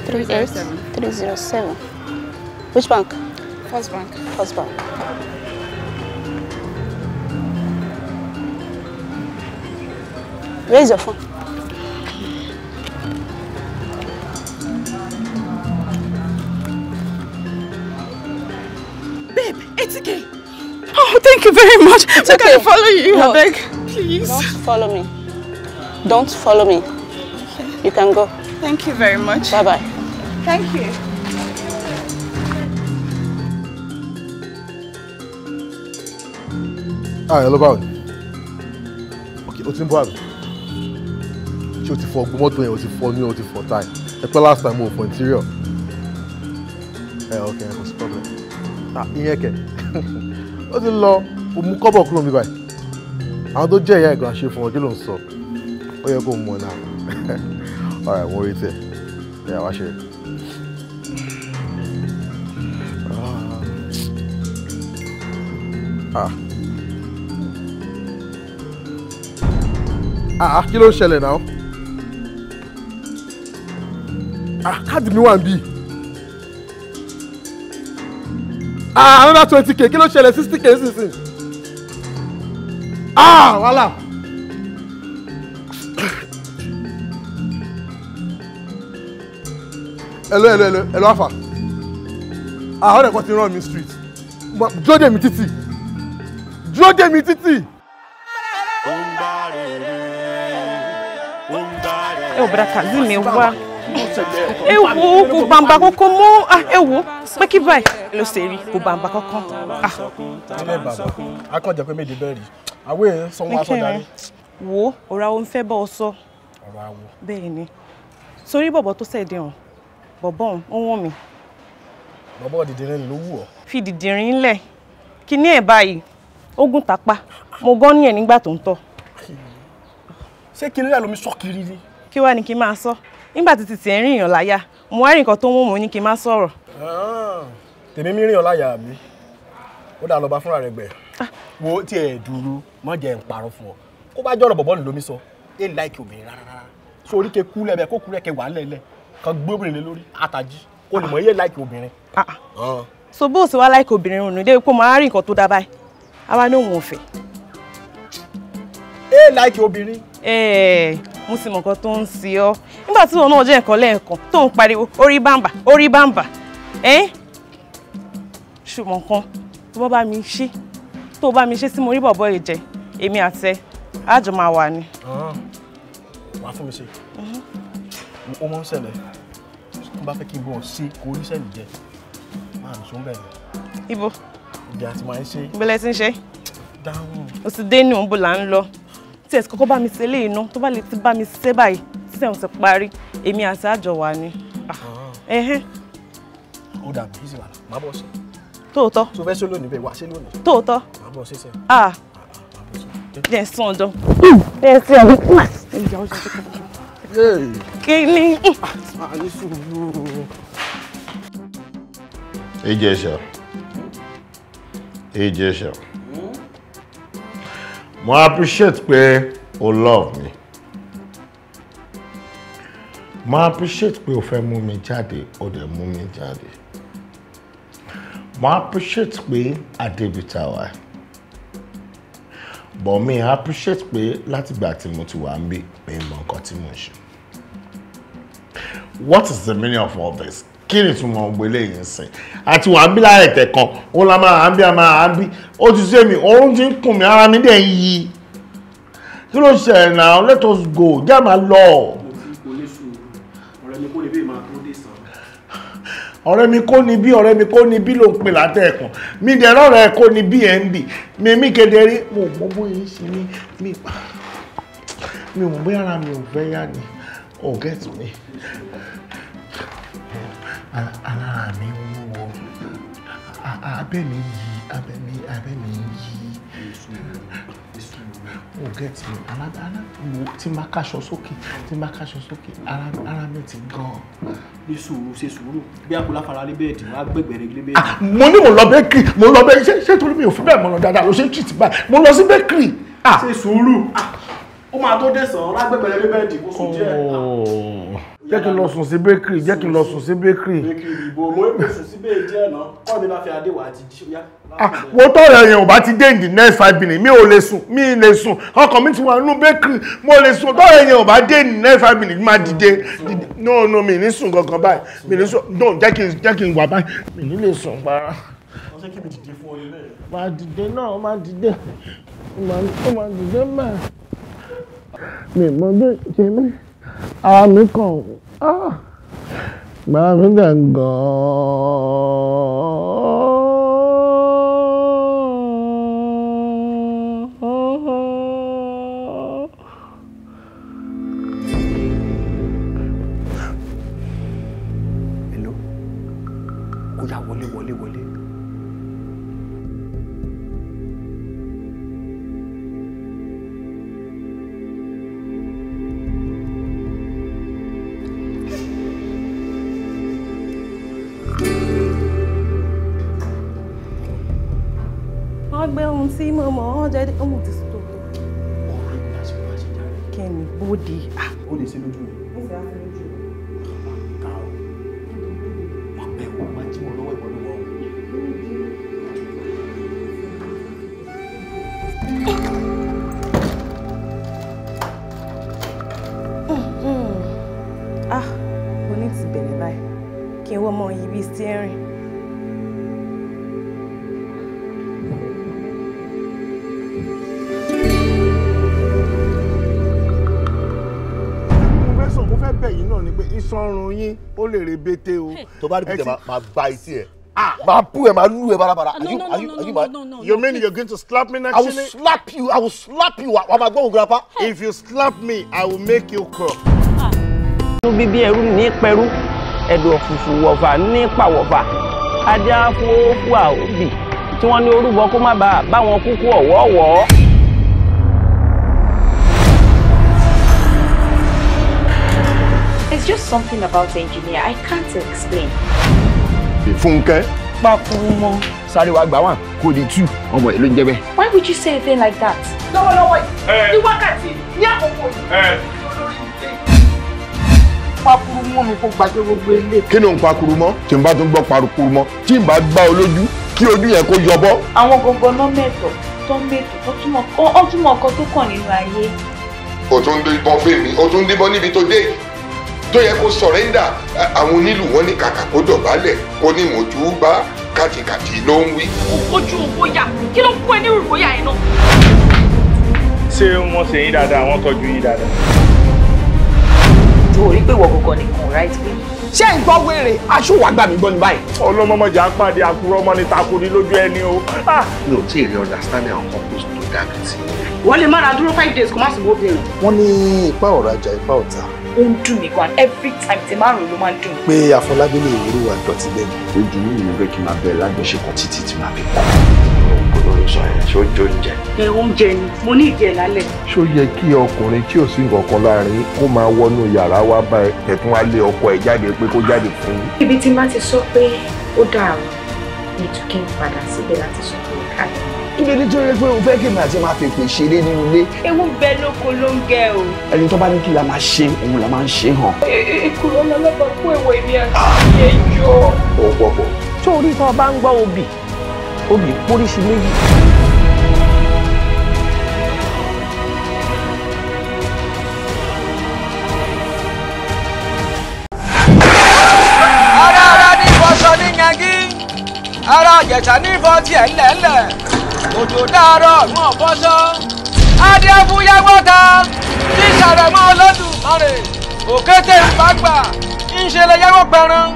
[SPEAKER 7] 38 307. Which bank? First bank. First bank. Where is your phone? it's okay. Oh, thank you very much. It's okay. I can follow you, no. I beg. Please. Not follow me. Don't follow me. You can go. Thank you very much. Bye-bye. Thank you.
[SPEAKER 2] Ah, hello, Bawo. Okay, what's ti ń bọ̀ àbí? Ṣé o ti fọ ọgbọ́n mọ́tò yẹn, o ti fọ ní, o
[SPEAKER 5] last time o fọ interior. Eh, ẹ okay, kò sí problem. Ah, ìyẹn kẹ̀.
[SPEAKER 8] Ó ti lọ, o mú kọ́bọ̀ kúrò mi báyìí. Àwọn tó jẹ́ ìyá ẹ̀gàn àṣefọ̀
[SPEAKER 2] ọdún ló ń sọ ó yẹ kó mọ̀ náà alright wọ́n rí tẹ̀ ẹ̀ wá ṣe.
[SPEAKER 5] Ah. Ah, ah kí ló ń ṣẹlẹ̀ náà
[SPEAKER 8] ah káàdì mi wà ń bì ah another
[SPEAKER 2] twenty k kí ló ṣẹlẹ̀ sixty k sísìn
[SPEAKER 8] ah wàhálà. Voilà hello hello hello hello afa àwọn ẹ̀kọ́ ti rán mi street dúró dè mí títì dúró dè mí títì.
[SPEAKER 3] ẹ ò bàdà kazeem ẹ wá ẹ wo kò bàǹbà kankan mọ́ ah, ẹ wo pé kí báyìí ló ṣe rí kò bàǹbà kankan. ilé ah. bàbá akọ̀jẹ̀ pé méje bẹ́ẹ̀ rí àwẹ̀ sanwó asọ̀jà rí wo ora àwọn ń fẹ́ bọ́ ọ sọ. ọ̀rọ̀ àwọ̀. bẹ́ẹ̀ ni torí bọ̀bọ̀ tó ṣẹ̀dẹ̀ hàn bọ̀bọ̀ òun ó wọ̀n mi.
[SPEAKER 5] bọ̀bọ̀ dìdìrín ni ló wù ọ́.
[SPEAKER 3] fi dìdìrín ńlẹ̀ kí ní ẹ̀ báyìí ogun tàpá mo gán ní ẹ̀ nígbà tó ń tọ̀. ṣé kí nílẹ̀ lomi sọ kiri ni. kí wàá ní kí n máa sọ nígbà tí tìtì ẹ̀ ń rìn mo wá rí nǹkan tó ń wọ́n mo ní kí n má sọ̀rọ̀. Ah,
[SPEAKER 2] tèmi mi rìn yàn láyà mi ó dà lọ́ba fúnra rẹ̀ gbẹ̀ ah. wo tí ẹ̀ dúró mọ́ jẹ́ ń parọ́ fún ọ kó bá jọ̀rọ̀ bọ̀bọ́ nìlómi sọ é láìkì obìnrin rárá so orí ke kú lẹ́bẹ̀ẹ́ kó kú rẹ̀ ke wà lẹ́lẹ̀ kan gbé obìnrin lé lórí àtàjì kó lè mọ̀ é láìkì obìnrin. Ah,
[SPEAKER 3] ah. so bó o sì wá láìkì obìnrin rùn nílé kó máa rí nǹkan tó dá báyìí àwa ní òun ò fẹ́. é láìkì obìnrin. ẹẹ mo sì mọ nǹkan tó ń ṣe ọ nígbà tí òun náà jẹ́ nǹkan lẹ́ẹ̀kan tó ń pariwo orí bàǹbà orí bàǹbà ẹ́ ṣùgbọ́n kan tó bá mi ṣe tó bá mi ṣe sí mo rí bọ̀bọ́ yìí èmi àti ẹ àjọ máa wà ni.
[SPEAKER 5] Ah, wà á fún mi ṣe mhm. ó mọ̀ ń ṣẹlẹ̀ tó bá fẹ́ kí n bọ̀ ṣe kó rí sẹ́ẹ̀lì jẹ máa nìṣó ń ibo. ìjà àti máa ń ṣe.
[SPEAKER 3] ìbílẹ̀ ti ń ṣe. o ti dé ní òǹbó là ń lọ tí ẹ̀sìn kọ́kọ́ bá mi ṣe léyìn náà tó bá lè ti bá mi ṣe báyìí tí sẹ́wọ̀n ti parí èmi àti àjọ wà ni. Ah, ah.
[SPEAKER 5] ó dàbí ìsìn wàhálà má bọ̀ sí.
[SPEAKER 3] se tó fẹ́ ṣe lónìí bẹ́ẹ̀ wá ṣe lónìí. tóòtọ́. má bọ̀ sí sẹ́yìn. Yes, Sondo. Yes, hey, Kí hey,
[SPEAKER 2] Ìjẹ̀ṣà. Ìjẹ̀ṣà. Mo appreciate pé o love me. Mo appreciate pé o fẹ́ mú mi jáde, o dẹ̀ mú mi jáde. Mo appreciate pé Adébítà wà but me I appreciate pé látìgbà tí mo ti wà ń bí pé mo nǹkan tí mo ń what is the meaning of all this? kí ni ìtumọ̀ ògbélé yìí ń sìn àti wà á bí lára ẹ̀tẹ̀ kan òun la máa bí a máa bí ó ti sí èmi òun ti ń kùn mí ara mi dẹ̀ ń kí ló ṣẹlẹ̀ náà let us go jẹ́ àmà lọ. ọ̀rẹ́ mi kò ní bí ọ̀rẹ́ mi kò ní bí ló ń pè látẹ̀kùn mi dẹ̀ lọ́rọ̀ ẹ̀ kò ní bí ẹ̀ mi mi kedere mo mọ bóyá ń ṣe mi mi mi ò mọ bóyá ara mi ò fẹ́ yá ni ò gẹ́tù mi alára mi wúwo abẹ́ mi yí abẹ́ mi abẹ́ mi yí o get me ara ara wo tí n bá kaṣọ sókè tí n bá kaṣọ sókè ara ara mi ti gan.
[SPEAKER 5] ní sùúrù ṣe sùúrù bí akọlá fara lé bẹ́ẹ̀ dì wá gbẹgbẹ rẹ lé bẹ́ẹ̀ dì. Ah, mo ní mo lọ bẹ́ẹ̀kì mo lọ
[SPEAKER 2] bẹ́ẹ̀ ṣé ṣé torí mi ò fi bẹ́ẹ̀ mọ̀ lọ dáadáa ló ṣe ń tì tì báyìí mo lọ sí bẹ́ẹ̀kì. Ah. ṣe sùúrù ah, ó máa tó dẹ̀sán lágbẹ̀gbẹ̀ rẹ kó sùn jẹ́ jẹ́ kí n lọ sùn sí bakery jẹ́ kí n lọ sùn sí bakery. bakery
[SPEAKER 5] ìbò mo ń sùn sí bẹ́ẹ̀ díẹ̀ náà kọ́ mi bá fi adé wà á ti jí yá.
[SPEAKER 2] Ah, mo tọrọ ò bá ti dé in next five minutes mi ò lè sùn mi lè sùn ọkàn mi ti wà nínú bakery mo lè sùn tọrọ ẹyàn ò bá dé in the next five minutes mi máa dìde no no mi ní sùn gangan báyìí mi ní sùn no jẹ́ kí n jẹ́ kí n wà báyìí mi ní lè sùn gbára. wọ́n ṣe kí mi dìde fún ọ nílẹ̀. máa dìde náà máa dìde máa dìde máa mi mọ bí ṣe mí ara mi kàn ah.
[SPEAKER 9] gbàrà mi dẹ̀ gan-an.
[SPEAKER 3] sí mo mọ̀ ọ́ jẹ́ ọmọ ti sọ. ọ̀rọ̀ ìgbà tí wọ́n ṣe jáde. kẹ́ni bóde. ó lè ṣe lójú mi. ó mm-hmm. ah mo ní ti bẹ̀rẹ̀ báyìí kí n wọ́n mọ ibi steering.
[SPEAKER 2] náà ni pé ìsanrun yín ó lè re bété o. tó bá rí pété máa gba etí ẹ ah. máa bú ẹ máa lù ẹ bárabàrà. Ah, no no no no no no no. you mean you're going to slap me next i will slap you i will slap you wa ma gbọ́n grandpa. if you slap me i will make you cry. Ah.
[SPEAKER 1] inú bíbí ẹrú ní pẹrú ẹ̀dùn òfùfù wọ̀fà ní pàwọ̀fà ajá fún ó tí wọ́n ní orúbọ kó má bàa báwọn kúkú ọ̀wọ́ọ̀wọ́.
[SPEAKER 7] There's just something about the engineer I can't explain.
[SPEAKER 2] Fúnkẹ́. Pákúrú mọ́. Sáré wa gbà wá kó di tú ọmọ ẹ̀ Why would you say a thing like that? Lọ́wọ́lọ́wọ́ yìí, ní wákàtí, ní àkókò yìí. Pákúrú mọ́ mi kó gbàjọ́ gbogbo ilé. Kí ni òun n bá tún gbọ́ parukuru mọ́, tí n bá gbá ọ lójú, kí ojú yẹn kó
[SPEAKER 7] Àwọn gangan náà mẹ́tọ̀ tó mẹ́tọ̀ tó túmọ̀ ọkọ tó kàn nínú ayé.
[SPEAKER 2] Ó tún díbọn fèmí, ó tún díbọn níbi tó dé tó yẹ kó sọ̀rẹ́ndà àwọn onílù wọn ní kàkà kó dọ̀bálẹ̀ kó ní mọ̀jú bá kàtìkàtì ló ń wí.
[SPEAKER 3] ojú ògbó yà kí ló kú ẹ ní òrùkó yà ẹ náà.
[SPEAKER 2] ṣé wọ́n ṣe yín dáadáa wọ́n tọ́jú yín dáadáa.
[SPEAKER 6] tó o rí pé wọ gọgọ nìkan right way. ṣé
[SPEAKER 2] ń gbọ́ wèrè aṣọ wàá gbà mí gbọ́ ní báyìí. ọlọ́mọmọjà pàdé àkúrò ọmọ ni takoni lójú ẹni o. Ah! mi ò tí ì rí understanding àwọn couples tó dá mi sí.
[SPEAKER 3] wọ́n lè má ra dúró five days kó má sì wó bẹ̀rẹ̀.
[SPEAKER 2] wọ́n ní ipa ọ̀rajà ipa ọ̀tá
[SPEAKER 4] ó ń dùn mí gan every time tí márùn ló máa ń dùn.
[SPEAKER 2] pé àfọlábí lè wúrú wa dọ̀tí lẹ́nu. ojú mi ni pé kí n máa bẹ̀rẹ̀ lájọṣepọ̀ títí tí màá fi kọ́ ọ̀rọ̀ sọ yẹn ṣé ó jẹ oúnjẹ.
[SPEAKER 3] ẹ oúnjẹ ni mo ní ìjẹ lálẹ́.
[SPEAKER 2] ṣó yẹ kí ọkùnrin tí ò sí nǹkan láàrin kó máa wọnú yàrá wá bá ẹ̀tún wá lé ọkọ ẹ̀ jáde pé kó jáde fún un.
[SPEAKER 4] ibi tí má ti sọ pé ó dáa o ètò kí n padà síbẹ̀ láti sọ pé ó dáa kí ló dé tó rẹ
[SPEAKER 2] pé o fẹ́ kèmí àti máa fèpè ṣeré nínú ilé.
[SPEAKER 4] ewu bẹ lóko ló ń gẹ o.
[SPEAKER 2] ẹni tó bá ní kí la máa ṣe òun la máa ń ṣe hàn.
[SPEAKER 4] èkúrò e, e, lọlọ́gbà kú èwo èmi àti ah! ẹjọ́. ó pọ̀ pọ̀. tó orí tó bá ń gbọ́ obì
[SPEAKER 3] obì póríṣi méjì.
[SPEAKER 4] ara ara ní ìfọṣọ ní yangi ara àjẹsà ní ìfọ tiẹ̀ ńlẹ̀ òjò dàárọ̀ mọ́ bọ́sọ́ adéfúyẹ́ wọ́ta
[SPEAKER 1] tí
[SPEAKER 3] sàrẹ̀ mọ́ ọlọ́dún mọ́rẹ̀ òkété ìbágbà ń lè yẹ́wọ́ pẹran.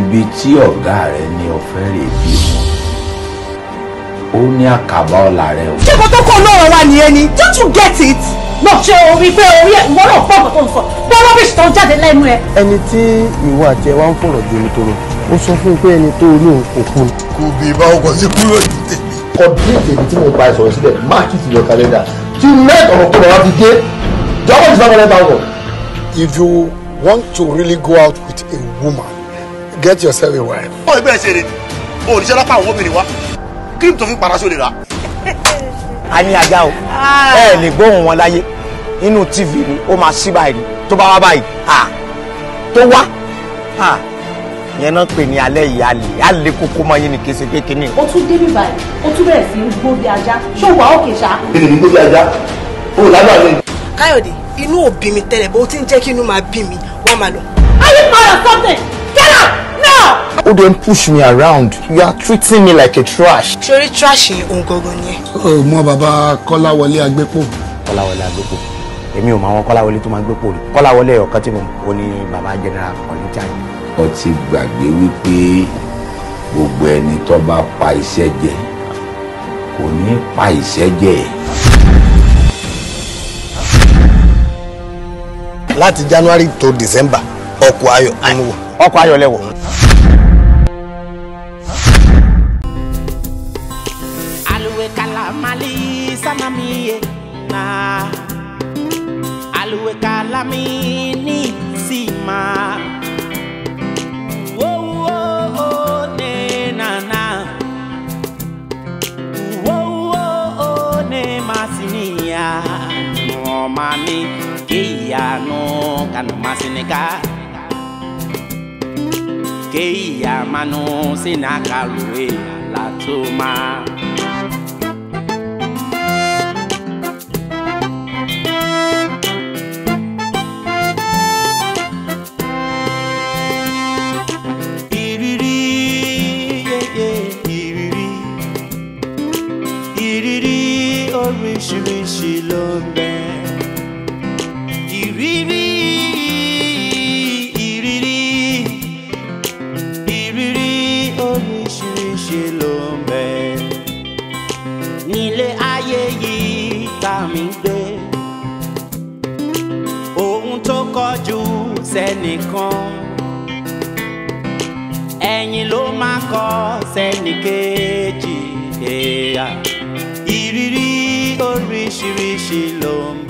[SPEAKER 5] ibi tí ọ̀gá rẹ ní ọ̀fẹ́ rè bí wọn ó ní àkàbà ọ̀la rẹ o. ṣé
[SPEAKER 3] kò tó kọ́ ọlọ́run wa nìyẹn ni don't you get it lọ ṣe orí pé orí ẹ ìwọ náà pọ̀ ọ̀gá tó ń sọ gbọ́ rọ́bìṣì tó ń jáde lẹ́nu ẹ.
[SPEAKER 2] ẹni tí ìwọ àti ẹ wá ń fọ̀rọ̀ jomitoro ó sọ fún pé ẹni tó olóhùn kò kú kò bí ibà ọkọ sí kúrò ní tèmi. kọ déètì èmi tí mo pa ìsọ̀rọ̀ sílẹ̀ máàkì ti yọ kálẹ́dà tí mẹ́ẹ̀tì ọ̀rọ̀ kúrò fi dé jọ́wọ́ ti sábà lẹ́ If you want to really go out with a woman, get yourself a wife. ó ẹ bẹ́ẹ̀ ṣe rè o ò ní sẹ́lá pa àwọn obìnrin wa
[SPEAKER 1] kí n tó fi paraṣọ lè rà. a ní ajá o ah. ẹ lè gbóhùn wọn láyé inú tv ni ó máa ṣí báyìí tó bá wá báyìí tó wá yẹn náà pè ní alẹ́ yìí alẹ́ alẹ́ kókó máa yé ni kí pé kínní.
[SPEAKER 4] o tún dé mi báyìí o tún bẹ̀rẹ̀ sí í gbó ajá ṣó wà òkè ṣá.
[SPEAKER 1] kí ni ajá
[SPEAKER 2] o ò
[SPEAKER 4] lágbàá mi. káyọ̀dé inú ò mi tẹ́lẹ̀ bó ti ń jẹ́ kí inú máa bí mi wá máa lọ. are you proud of something?
[SPEAKER 2] o don push me around you are treating me like a trash.
[SPEAKER 4] sori trash yẹn òun gangan ni ẹ.
[SPEAKER 2] o mọ bàbá kọ́láwọlé agbépo.
[SPEAKER 1] kọ́láwọlé agbépo èmi ò mọ
[SPEAKER 2] àwọn kọ́láwọlé tó máa gbépo rí kọ́láwọlé ọ̀kan tí mo mọ̀ ò ní bàbá general kọ́lé jáde
[SPEAKER 1] o ti gbàgbé wípé gbogbo ẹni
[SPEAKER 2] tó bá pa iṣẹ́ jẹ kò ní pa iṣẹ́ jẹ. láti January to December ọkọ̀ ayọ̀ ń ọkọ̀ ayọ̀ lẹ́wọ̀.
[SPEAKER 1] kalamali samamiye na aluwe kalami no mami que ya no kanu más en que ya mano sin acalue la toma oríṣiríṣi ló ń bẹ. nìkan ẹ̀yìn ló máa kọ sẹ́nìkejì ìrírí oríṣiríṣi
[SPEAKER 9] ló ń bọ̀.